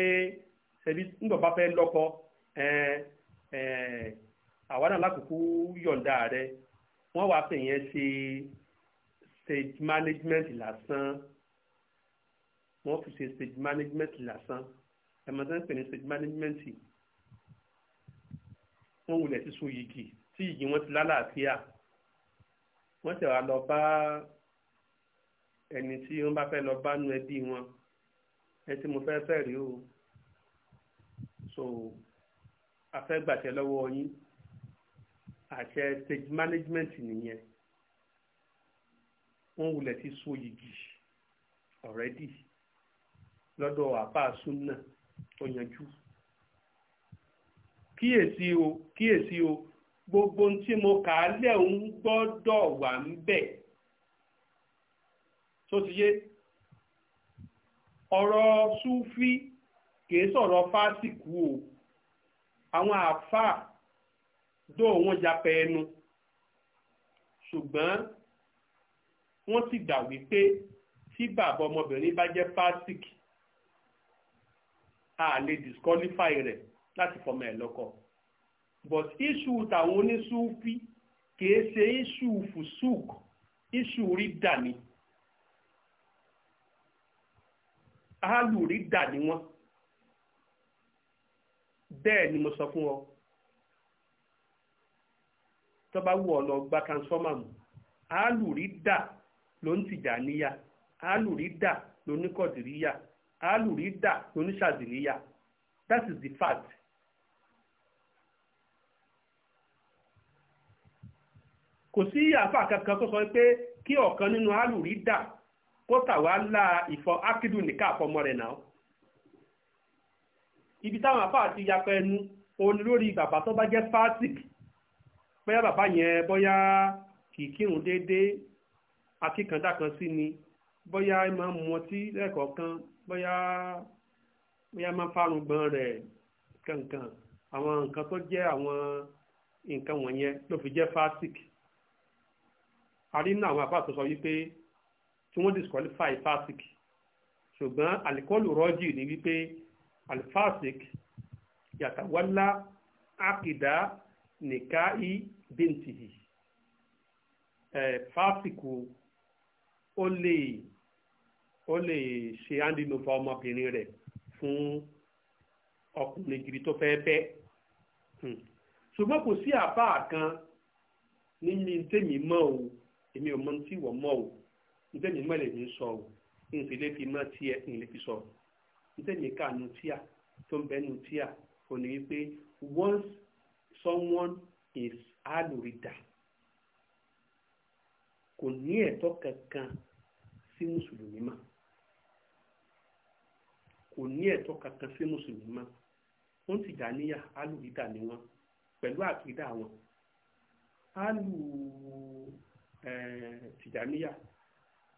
ṣẹbi ńgbọ̀n bá fẹ́ lọ́kọ àwa náà lákòókò yọ̀ǹda yẹn stage management lásán wọ́n fi ṣe stage management lásán ẹ̀mọ́tẹ́ ń pè ní stage management wọ́n wulẹ̀ ti so yìgì tí yìgì wọn ti lálàáfíà wọ́n ṣẹ̀ wá lọ bá ẹni tí wọ́n bá fẹ́ lọ bá nu ẹbí wọn ẹ tí mo fẹ́ fẹ́ rí o so afẹ́gbàṣẹ lọ́wọ́ yín àṣẹ stage management nìyẹn wọ́n wulẹ̀ ti so yìgì ọ̀rẹ́dì lọ́dọ̀ àbá súnà ó yanjú kíyèsí o kíyèsí o gbogbo ohun tí mo kà á lẹ̀ ń gbọ́dọ̀ wà ń bẹ̀ tó ti yé ọ̀rọ̀ súfí kìí sọ̀rọ̀ fásìkú o àwọn àáfàá dó wọn japẹ ẹnu ṣùgbọ́n wọ́n sì gbà wípé tí bàbá ọmọbìnrin bá jẹ́ fásitì a lè disqualify rẹ̀ láti fọmọ ẹ̀ lọ́kọ but issue tàwọn oníṣúfì kìí ṣe issue fùsùk issue rídà ni áàlù rídà ni wọ́n bẹ́ẹ̀ ni mo sọ fún ọ tó bá wù ọ lọ gba transformer mu áàlù rídà. ló ń tìjàníyà alùrídà ló ní kọ̀dìríyà alùrídà ló ní ṣàdìríyà that is the fact. kò sí àáfàá kankan tó sọ pé kí ọ̀kan nínú alùrídà kó tàwa la ìfọ ákídù nìka àfọmọ rẹ̀ náà ibi táwọn àáfàá ti yapa ẹnu òun lórí bàbá tó bá jẹ́ fásitì bóyá bàbá yẹn bóyá kìí déédéé akíkandá kan sí ni bóyá máa ń mu ọtí lẹ́ẹ̀kọ̀ọ̀kan bóyá bóyá máa ń fárun gbọ́n rẹ̀ kankan àwọn nǹkan tó jẹ́ àwọn nǹkan wọ̀nyẹn ló fi jẹ́ fasik àrínà àwọn àbáàtọ̀ sọ wípé tí wọ́n disqualify fasik ṣùgbọ́n alikọ́lù rọ́jì ni wípé alifasik yàtàwálá àkìdá nìkáì bíntìhì ẹ̀ fásikù ó lè ó lè ṣe handing over ọmọbìnrin rẹ̀ fún ọkùnrin gidi tó fẹ́ẹ́ fẹ́ hmm. ṣùgbọ́n kò sí àbá kan níbi tèmi mọ́ o èmi ò mọ tí wọ́n mọ́ o ntẹ́mi mọ́ lèmi sọ o nfi lè fi mọ́ tiẹ̀ n lè fi sọ o ntẹ́mi kànú tíà tó ń bẹ́nu tíà ò ní wípé once someone is alurida kò ní ẹ̀tọ́ kankan sí mùsùlùmí mọ́ kò ní ẹ̀tọ́ kankan sí mùsùlùmí mọ́ wọ́n ti dà níyà alùbídà ni wọ́n pẹ̀lú àkídà wọn alù tìjàníyà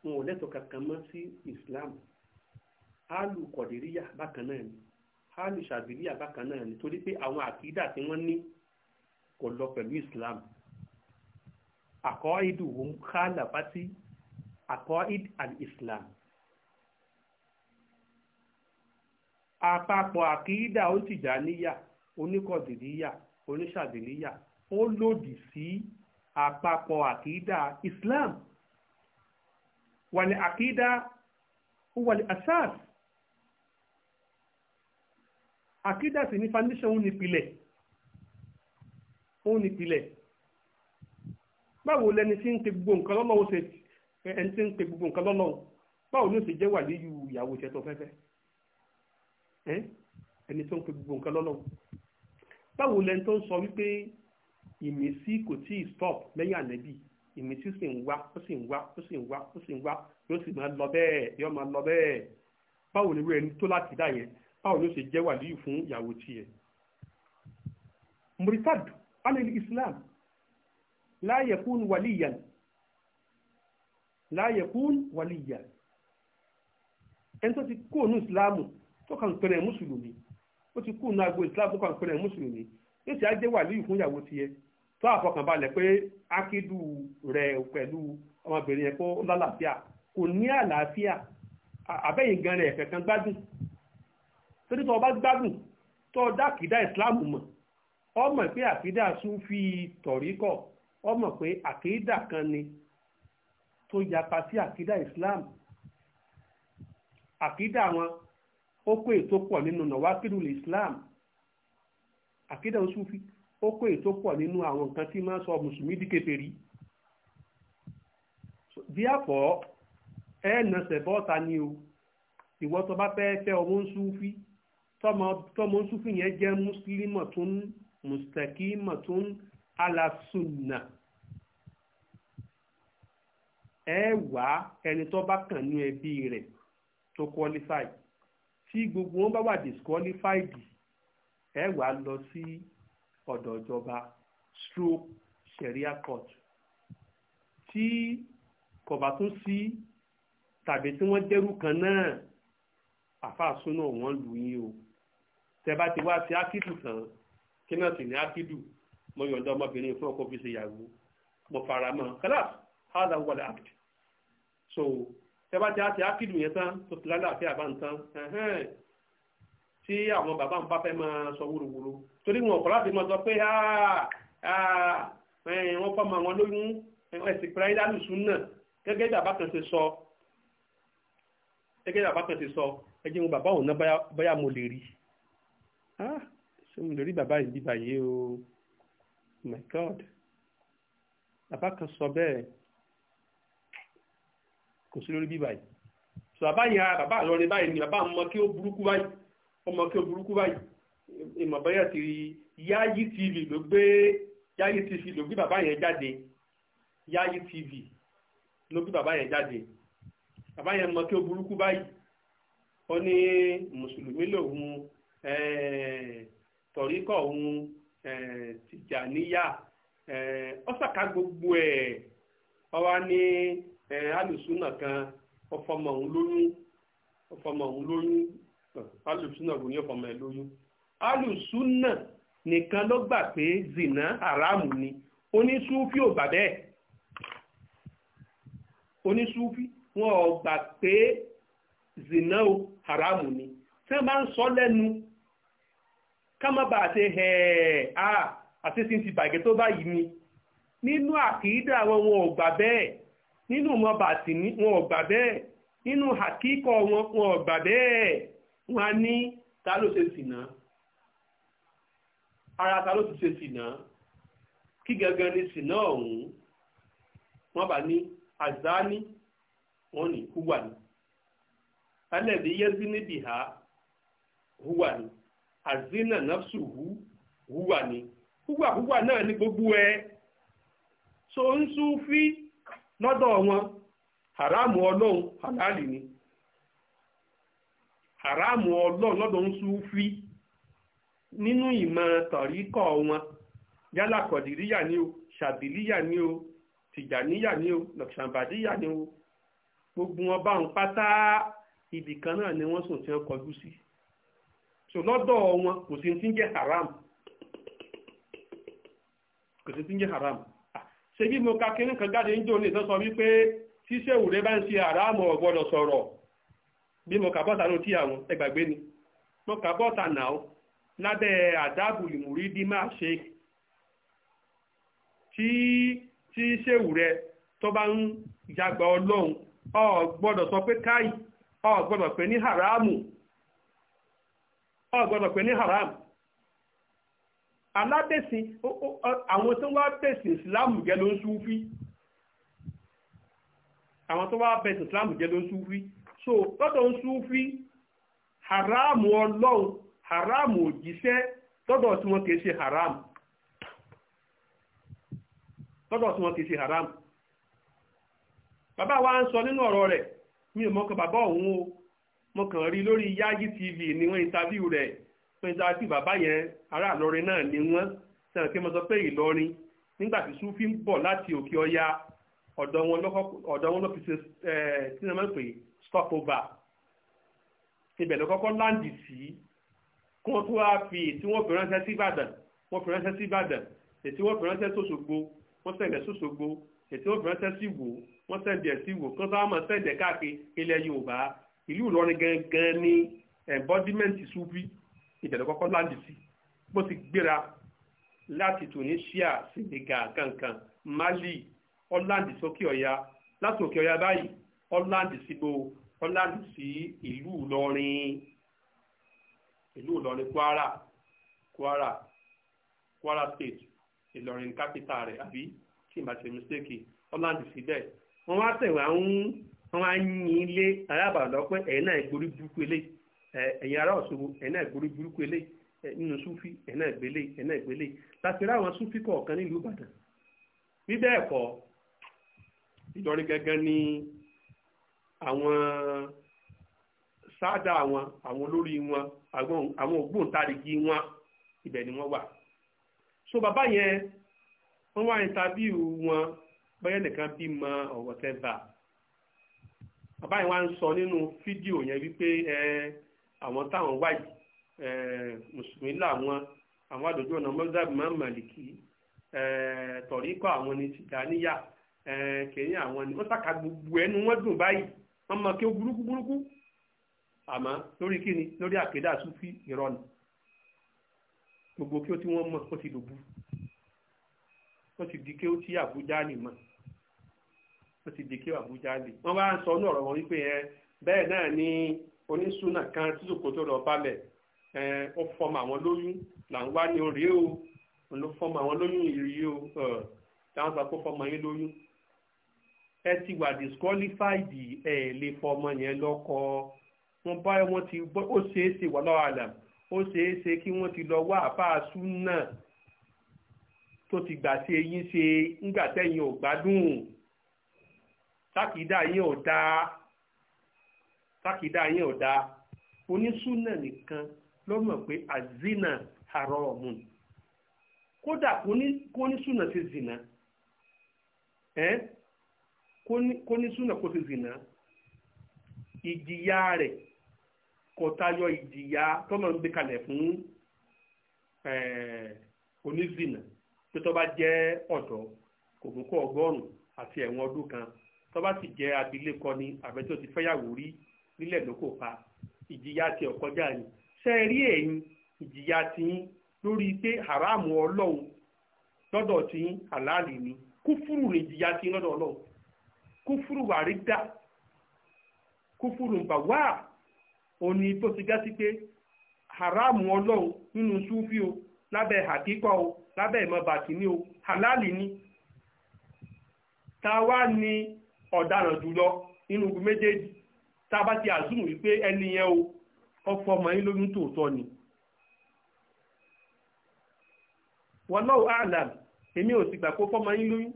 wọn ò lẹ́tọ̀ọ́ kankan mọ́ sí Islam alù kọ̀dìríyà bákan náà ni alù ṣàbílíyà bákan náà ni torí pé àwọn àkídà tí wọ́n ní kò lọ pẹ̀lú Islam àkọ́ìdù òun kálà الإسلام àkọ́ìd al-islam àpapọ̀ àkídà onítìjàníyà oníkọ̀dìníyà oníṣàdìníyà ó lòdì sí àpapọ̀ àkídà islam wàlẹ̀ àkídà wàlẹ̀ asas àkídà sì ní foundation òun nípìlẹ̀ òun nípìlẹ̀ báwo lẹni tí ń pe gbogbo nǹkan lọ́nà ó ṣe ẹni tí ń pe gbogbo nǹkan lọ́nà ó báwo ni ó ṣe jẹ́ léyù ìyàwó iṣẹ́ tó fẹ́fẹ́ ẹni tó ń pe gbogbo nǹkan lọ́nà báwo lẹni tó ń sọ wípé ìmísí kò tí ì stop lẹ́yìn ànẹ́bí ìmísí sì ń wá ó sì ń wá ó sì ń wá ó sì ń wá yóò sì máa lọ bẹ́ẹ̀ yóò máa lọ bẹ́ẹ̀ báwo ni wíwẹ̀ tó láti dá yẹn báwo ni ṣe jẹ́ léyù fún ìyàwó tiẹ̀ mùrítàdù alẹ́ islam la yakun waliyan la yakun waliyan ẹni tó ti kú ònú ìsìláàmù tó kàn pẹrẹ mùsùlùmí ó ti kú ònú agbo ìsìláàmù tó kàn pẹrẹ mùsùlùmí yóò ti ajé wàlíyù fún ìyàwó tiẹ̀ tó àfọkànbalẹ̀ pé ákídù rẹ̀ pẹ̀lú ọmọbìnrin yẹn kó lálàáfíà kò ní àlàáfíà àbẹ́yìn gan rẹ̀ ẹ̀fẹ̀ kan gbádùn torí tó o gbádùn tó o ìsìláàmù mọ̀ ọmọ ìpè àkídá sún fi tọ̀ríkọ̀ wọ́n mọ̀ pé àkídà kan ni tó yapa sí àkídà Islam àkídà wọn ó kó ètò pọ̀ nínú nàwákìlùl Islam àkídà oṣùfì ó kó ètò pọ̀ nínú àwọn nǹkan tí máa ń sọ mùsùlùmí di kèfèrí bí àpọ̀ ẹ̀ nàṣẹ̀ bọ́ta ni o ìwọ tó bá fẹ́ fẹ́ ọmọ ń súfì tọmọ ń súfì yẹn jẹ́ mùsùlùmọ̀ tó ń mùsùtẹ̀kì alasunna ẹ wá ẹni tó bá kàn ní ẹbí rẹ̀ tó qualify tí gbogbo wọn bá wà disqualified ẹ wá lọ sí ọ̀dọ̀ ìjọba stroke sharia court tí kò bá tún sí tàbí tí wọ́n dẹ́rù kan náà àfàsúnà wọn lù yín o tẹ́ bá ti wá sí ákìdù kan kí náà sì ní ákìdù mo yọ̀ǹda ọmọbìnrin fún ọkọ fi ṣe ìyàwó mo fara mọ́ kálás hàlà wà láàkì so ẹ bá jẹ́ àti ákìdù yẹn tán tó ti lálàáfíà bá ń tán tí àwọn bàbá ń bá fẹ́ máa sọ wúruwúru torí wọn ọ̀pọ̀ láti máa sọ pé wọ́n fọ́ mọ àwọn lóyún ẹ̀sìn píráìdálù sùn náà gẹ́gẹ́ bí bàbá kan ṣe sọ gẹ́gẹ́ bí bàbá kan ṣe sọ ẹ jẹun bàbá òun náà báyà mo lè rí ṣé mo lè rí bàbá yìí bí báyìí o my god bàbá kan sọ bẹ́ẹ̀ kò sí lórí bí báyìí sọ bàbá yẹn bàbá àlọ́rin báyìí ni bàbá ọmọ kí ó burúkú báyìí ọmọ kí ó burúkú báyìí ìmọ̀ bẹ́yà ti Yayi TV ló gbé Yayi TV ló gbé bàbá yẹn jáde Yayi TV ló gbé bàbá yẹn jáde bàbá yẹn mọ kí ó burúkú báyìí ó ní mùsùlùmí lòun tọ̀ríkọ̀ òun. Eh, tìjàníyà ọ̀sàkà eh, gbogbo ẹ̀ ọwa ní eh, alùsùnà kan ọfọmọ òun lóyún ọfọmọ òun lóyún alùsùnà kò ní ọfọmọ ẹ lóyún alùsùnà nìkan ló gbà pé zina haramu ni onísúfì ò gbà bẹ́ẹ̀ onísúfì wọn ò gbà pé zina haramu ni tí wọ́n bá ń sọ lẹ́nu Kama má bàa ṣe ẹ̀ẹ́ à àṣeṣin ti bàjẹ́ tó báyìí ni nínú àkìídà wọn wọn ò gbà bẹ́ẹ̀ nínú wọn bàtì wọn ò gbà bẹ́ẹ̀ nínú àkíkọ̀ wọn wọn ò gbà bẹ́ẹ̀ wọn á ní ta ló ṣe sìnà ara ta ló ti ṣe sìnà gangan ni sìnà ọ̀hún wọn bá ní àzáni wọn ní húwà ní alẹ́ bí yẹ́zí níbi ha azina nafsu hu huwa ni huwa huwa náà ní gbogbo ẹ so ń súfí lọ́dọ̀ wọn haramu ọlọ́run halali ni haramu ọlọ́run lọ́dọ̀ ń súfí nínú ìmọ̀ tọ̀ríkọ̀ wọn yálà kọ̀dìríyà ni o ṣàbílíyà ni o tìjàníyà ni o lọ̀ṣàǹbàdíyà ni o gbogbo wọn bá ń pátá ibì kan náà ni wọ́n sùn tí wọ́n kọjú sí. Si so lọ́dọ̀ wọn kò sí haram kò sí ti ń haram ṣe bí mo ka kínní kan jáde ń jò ní wípé ṣíṣe òwúrẹ́ bá ń ṣe haram ò sọ̀rọ̀ bí mo kà bọ́ta ló àwọn ẹgbàgbé ni mo kà bọ́ta náà lábẹ́ àdábù ìmúrí dí máa ṣe tí tí tó bá ń yàgbà ọlọ́run sọ pé káì pé ní haramu ọgbọ́dọ̀ pé ní haram aládẹ̀sìn àwọn tó wá bẹ̀sìn ìsìláàmù jẹ́ ló ń súnfí àwọn tó wá bẹ̀sìn ìsìláàmù jẹ́ ló ń súnfí so lọ́dọ̀ ń súnfí haramu ọlọ́run haramu òjíṣẹ́ lọ́dọ̀ tí wọ́n kìí ṣe haram lọ́dọ̀ tí wọ́n kìí ṣe haram bàbá wa ń sọ nínú ọ̀rọ̀ rẹ̀ mi ò mọ́kàn bàbá òun o mo kàn rí lórí Yagi TV ni wọ́n interview rẹ̀ wọ́n interview bàbá yẹn ará Ìlọrin náà ni wọ́n sẹ́wọ̀n kí mo sọ pé Ìlọrin nígbà tí sufi ń bọ̀ láti òkè ọya ọ̀dọ̀ wọn lọ́fi ṣe tí wọ́n máa ń pè stop over ibẹ̀ ló kọ́kọ́ láǹdì sí kí wọ́n tó wá fi tí wọ́n fi ránṣẹ́ sí Ìbàdàn wọ́n fi ránṣẹ́ sí Ìbàdàn ètí wọ́n fi ránṣẹ́ sóṣogbo wọ́n sẹ̀ǹdẹ̀ sóṣogbo ètí wọ́n fi ránṣẹ́ sí Ìwó wọ́n sẹ̀ǹdẹ̀ sí Ìwó kí wọ́n sábà máa sẹ̀ǹdẹ̀ káàkiri ilẹ̀ Yorùbá ìlú Ìlọrin gangan ní embodiment sufi ìbẹ̀rẹ̀ kọ́kọ́ láǹdì sí bó ti gbéra láti Tunisia Senegal kankan Mali ọ̀làǹdì sókè ọ̀yà láti òkè ọ̀yà báyìí ọ̀làǹdì síbo ọ̀làǹdì sí ìlú Ìlọrin ìlú Ìlọrin Kwara Kwara Kwara state Ìlọrin capital rẹ̀ àbí tí n bá ṣe mistake ọ̀làǹdì síbẹ̀ wọ́n wá tẹ̀wá ń wọ́n á yìn ilé arábàdàn pé ẹ̀yin náà gborí burúkú eléyìí ẹ̀yin ará Òṣogbo ẹ̀yin náà gborí burúkú eléyìí nínú súfì ẹ̀yin náà gbélé ẹ̀yin náà gbélé láti rí àwọn súfì kọ̀ọ̀kan nílùú Ìbàdàn bí bẹ́ẹ̀ kọ́ Ìlọrin gẹ́gẹ́ ní àwọn sáádà wọn àwọn olórí wọn àwọn ògbóǹtarìgì wọn ibẹ̀ ni wọ́n wà so bàbá yẹn wọ́n wá ìtàbíù wọn bóyá nìkan bímọ or whatever bàbá yẹn wá ń sọ nínú fídíò yẹn wípé ẹ àwọn táwọn wáyé ẹ mùsùlùmí làwọn àwọn àdójú ọ̀nà mọ́sáàbù máa ń màlìkì ẹ tọ̀ríkọ̀ àwọn ni tìjàníyà ẹ kẹ̀yìn àwọn ni wọ́n sàkà gbogbo ẹnu wọ́n dùn báyìí wọ́n mọ kí ó burúkú burúkú àmọ́ lórí kíni lórí àkédà súfì irọ́ ni gbogbo kí ó tí wọ́n mọ̀ ó ti dòbu ó ti di kí ó tí Àbújá nì ó ti di kí àbújá lè wọ́n bá ń sọ ní ọ̀rọ̀ wọn wípé ẹ bẹ́ẹ̀ náà ni oníṣúná kan títòkó tó lọ balẹ̀ ẹ ó fọmọ àwọn lóyún là ń wá ní orí o ló fọmọ àwọn lóyún ìrírí o táwọn sọ pé fọmọ yín lóyún ẹ ti wà disqualified ẹ lè fọmọ yẹn lọ́kọ wọn bá wọn ti ó ṣeé ṣe wà lọ́wọ́ àlà ó ṣeé ṣe kí wọ́n ti lọ wá àfáà súnà tó ti gbà ṣe yín ṣe ńgbà tẹ̀yìn ò gbádùn tákìdá yín ò dáa tákìdá yín ò dáa onísúnà nìkan ló mọ̀ pé àzínà haramu kódà kó ní súnà ti zìnà ẹ kó ní súnà kó ti zìnà ìjìyà rẹ̀ kò ìjìyà tọ́nà ń gbé kalẹ̀ fún onízìnà pé tó bá jẹ́ ọ̀dọ́ kò fún kó ọgọ́rùn-ún àti ẹ̀wọ̀n ọdún kan tó bá sì jẹ́ abilékọ ni àbẹ́ tó ti fẹ́yàwó rí nílẹ̀ lóko pa ìjìyà tí ó kọjá ni ṣe rí ẹ̀yin ìjìyà tiyín lórí pé haramu ọlọ́run lọ́dọ̀ tiyín àlàálì ni kúfúrú ni ìjìyà tiyín lọ́dọ̀ ọlọ́run kúfúrú wàrídà kúfúrú bàwá òní tó ti gá sí pé haramu ọlọ́run nínú súfì o lábẹ́ àkíkọ́ o lábẹ́ ìmọ̀ bàtìní o àlàálì ni ta ni ọ̀daràn jùlọ nínú ogun méjèèjì tá bá ti àzúmù wípé ẹni yẹn o ọfọ ọmọ yín lóyún tòótọ́ ni. èmi ò sì gbà kó fọmọ yín lóyún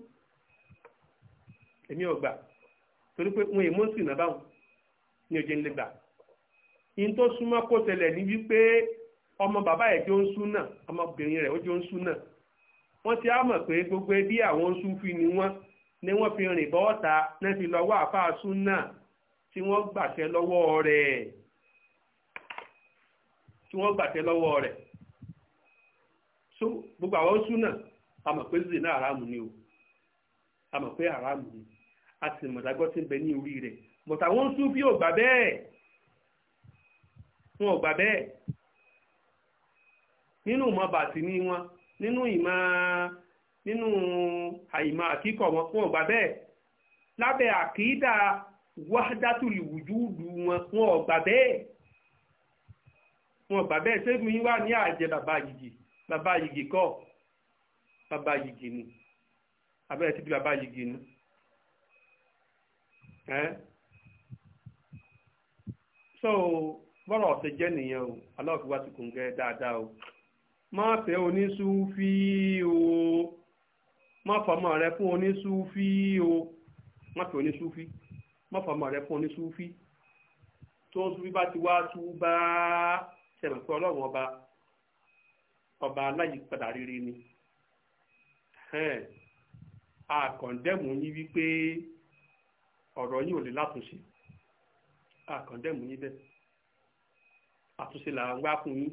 èmi ò gbà torí pé wọn sì náà báwọn ní òjò ńlẹ gbà yín tó súnmọ́ kó ní wípé ọmọ bàbá ẹ̀ jó ń náà ọmọbìnrin rẹ̀ ó jó ń sún náà wọ́n ti pé gbogbo ẹbí àwọn ń sún ni ni wọ́n fi rìn bọ́ ọ̀tá náà fi lọ́wọ́ àfáà súnà tí wọ́n gbàṣẹ lọ́wọ́ rẹ̀ tí wọ́n gbàṣẹ lọ́wọ́ rẹ̀ so gbogbo àwọn a mọ̀ pé ni o a mọ̀ pé haramu ni a sì mọ̀ dágbọ́ tí bẹ ní orí rẹ̀ but àwọn sún bí ò gbà bẹ́ẹ̀ wọn ò gbà nínú ìmọ̀ bàtí ni wọn nínú ìmọ̀ nínú àìmọ̀ àkíkọ̀ wọn fún ọ̀gbà bẹ́ẹ̀ lábẹ́ àkídà wahdatul wujudu wọn fún ọ̀gbà bẹ́ẹ̀ wọn ọ̀gbà bẹ́ẹ̀ sẹ́gun yín wà ní àjẹ bàbá yìgì bàbá yìgì kọ́ bàbá yìgì ni abẹ́rẹ́ ti di bàbá yìgì ni. so bọ́rọ̀ ọ̀sẹ̀ jẹ́ nìyẹn o aláwọ̀ fi wá sí kòǹgẹ́ dáadáa o máa fẹ́ oníṣúfí o má fọmọ rẹ fún onísúfí o má fi onísúfí má fọmọ rẹ fún onísúfí tó ń súfí bá ti wá tú bá ṣẹlẹ̀ pé ọlọ́run ọba ọba aláyìípadà rere ni àkàndẹ́mù yín wípé ọ̀rọ̀ yín ò lè látúnṣe àkàndẹ́mù yín bẹ́ẹ̀ àtúnṣe là ń wá fún yín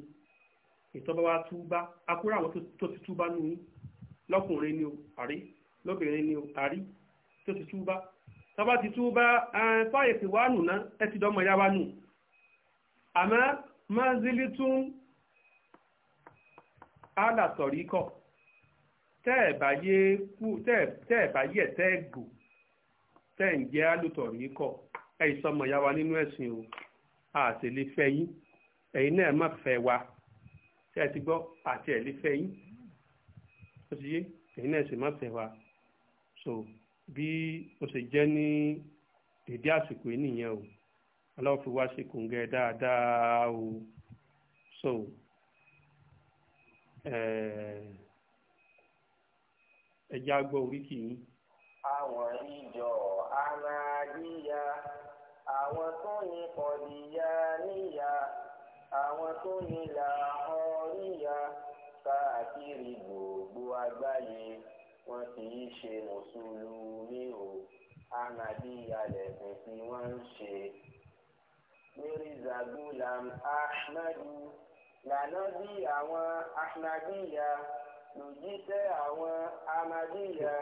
ìtọ́ba wa túbá akúrò àwọn tó ti túbá nù yín lọ́kùnrin ni o àrí lóbìnrin ni o àrí tó ti túbá tọ́ba ti túbá fáyè tí wàá nù ná ẹ ti dọ́mọ yá wá nù àmọ́ mọ́ńsílì tún alàtọ̀rí kọ̀ tẹ́ ẹ̀ bá yé kú tẹ́ ẹ̀ bá yé tẹ́ ẹ̀ gò tẹ́ ẹ̀ ń jẹ́ alùtọ̀rí kọ̀ ẹ̀ ìsọmọ yá wa nínú ẹ̀sìn o àtẹ̀lé yín ẹ̀yin náà má fẹ́ wa tẹ́ ẹ ti gbọ́ àti yín ó ti náà sì má fẹ́ wa so bí ó ṣe jẹ́ ní dèdé àsìkò yìí nìyẹn o aláwọ̀ fi wá sí kòǹgẹ́ dáadáa o so ẹja gbọ́ orí kì í. àwọn ìjọ amadíyà àwọn tó ní kọ̀díyà níyà àwọn tó ní làhọ́ríyà káàkiri gbòó wa gbáyé wọn kì í ṣe mùsùlùmí o ahmadiyya lẹ̀sìn tí wọ́n ń ṣe. mirza gulam ahmadu lànàbí àwọn ahmadiyya lòjíṣẹ́ àwọn ahmadiyya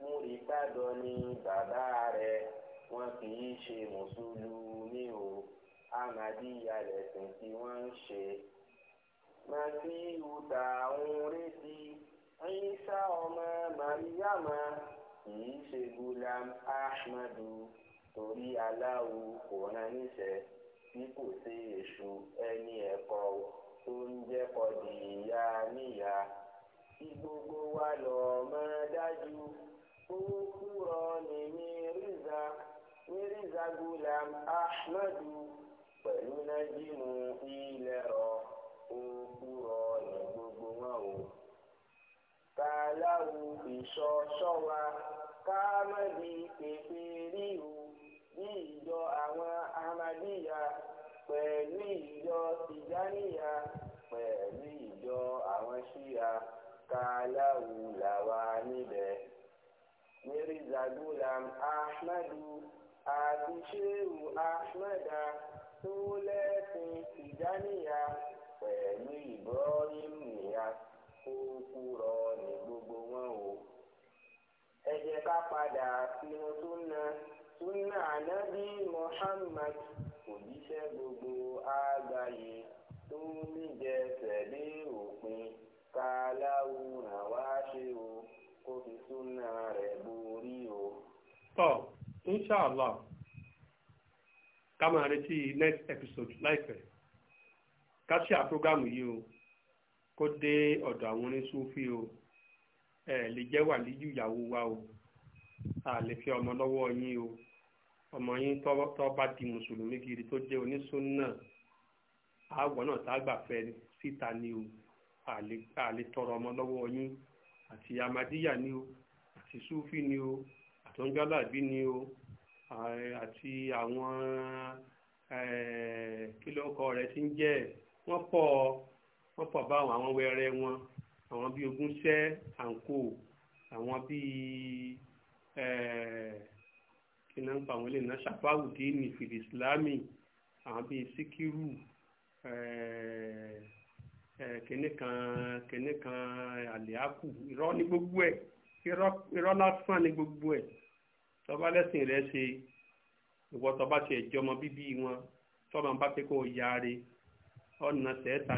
múrítàdọ́ ni bàbá rẹ̀ wọn kì í ṣe mùsùlùmí o ahmadiyya lẹ̀sìn tí wọ́n ń ṣe. màsíù tààrùn rétí. Ìsá ọmọ Màríyàmá kìí ṣe Gulam Ahmadu torí aláwo kò rán níṣẹ́ tí kò sí èṣù ẹni ẹ̀kọ́ tó ń jẹ́kọ̀ di ìyá níyà. Kí gbogbo wa lọ mọ̀ dájú ó kúrọ̀ ní Mírízà Mírízà Gulam Ahmadu pẹ̀lú nájímù ilẹ̀ rọ̀ ó kúrọ̀ ní gbogbo wọn o kàláwù ìṣọ́ ṣọ́wa káàmọ́dì pèpè ríru ní ìjọ àwọn amadíyà pẹ̀lú ìjọ tìjáníyà pẹ̀lú ìjọ àwọn ṣíyà kàláwù làwa níbẹ̀. Mirza zagulam Ahmadu àti Ṣéhù Ahmada tó lẹ́sìn tìjáníyà pẹ̀lú ìbọ́rí nìyà. kúkúrọ ní gbogbo wọn o. ẹ jẹ́ ká padà sínú súnà súnà ànábì Muhammad òjíṣẹ́ gbogbo àgbáyé tó níjẹ tẹ̀lé òpin ká láwùrán wá ṣe o kó fi súnà rẹ̀ borí o. tọ́ inṣàlá ká máa retí next episode láìpẹ́ ká ṣe àpọ́gámù o. kó dé ọ̀dọ̀ àwọn oníṣúfì o ẹ lè jẹ́ wàlíyù ìyàwó wa o a lè fi ọmọ lọ́wọ́ yín ọmọ yín tó di mùsùlùmí gidi tó jẹ́ onísùnnà àgbọ̀ náà tá a gbà fẹ́ síta ni o a lè tọrọ ọmọ lọ́wọ́ yín àti ni o àti súfì ni o ni o àti àwọn rẹ̀ ti ń jẹ́ wọ́n wọ́n pọ̀ bá àwọn wẹ́rẹ́ wọn àwọn bíi ogúnṣẹ́ àǹkó àwọn bíi kí náà ń pa àwọn ilé náà ṣàfáwùdí ní fìdí ìsìlámì àwọn bíi síkírù kìnní kan kìnní kan àlìákù irọ́ ní gbogbo ẹ̀ irọ́ lásán ní gbogbo ẹ̀ tọ́ba lẹ́sìn rẹ̀ ṣe ìwọ tọ́ba tiẹ̀ jọmọ bíbí wọn tọ́ba ń bá pé kó o yaare ọ̀nà sẹ́ẹ̀ta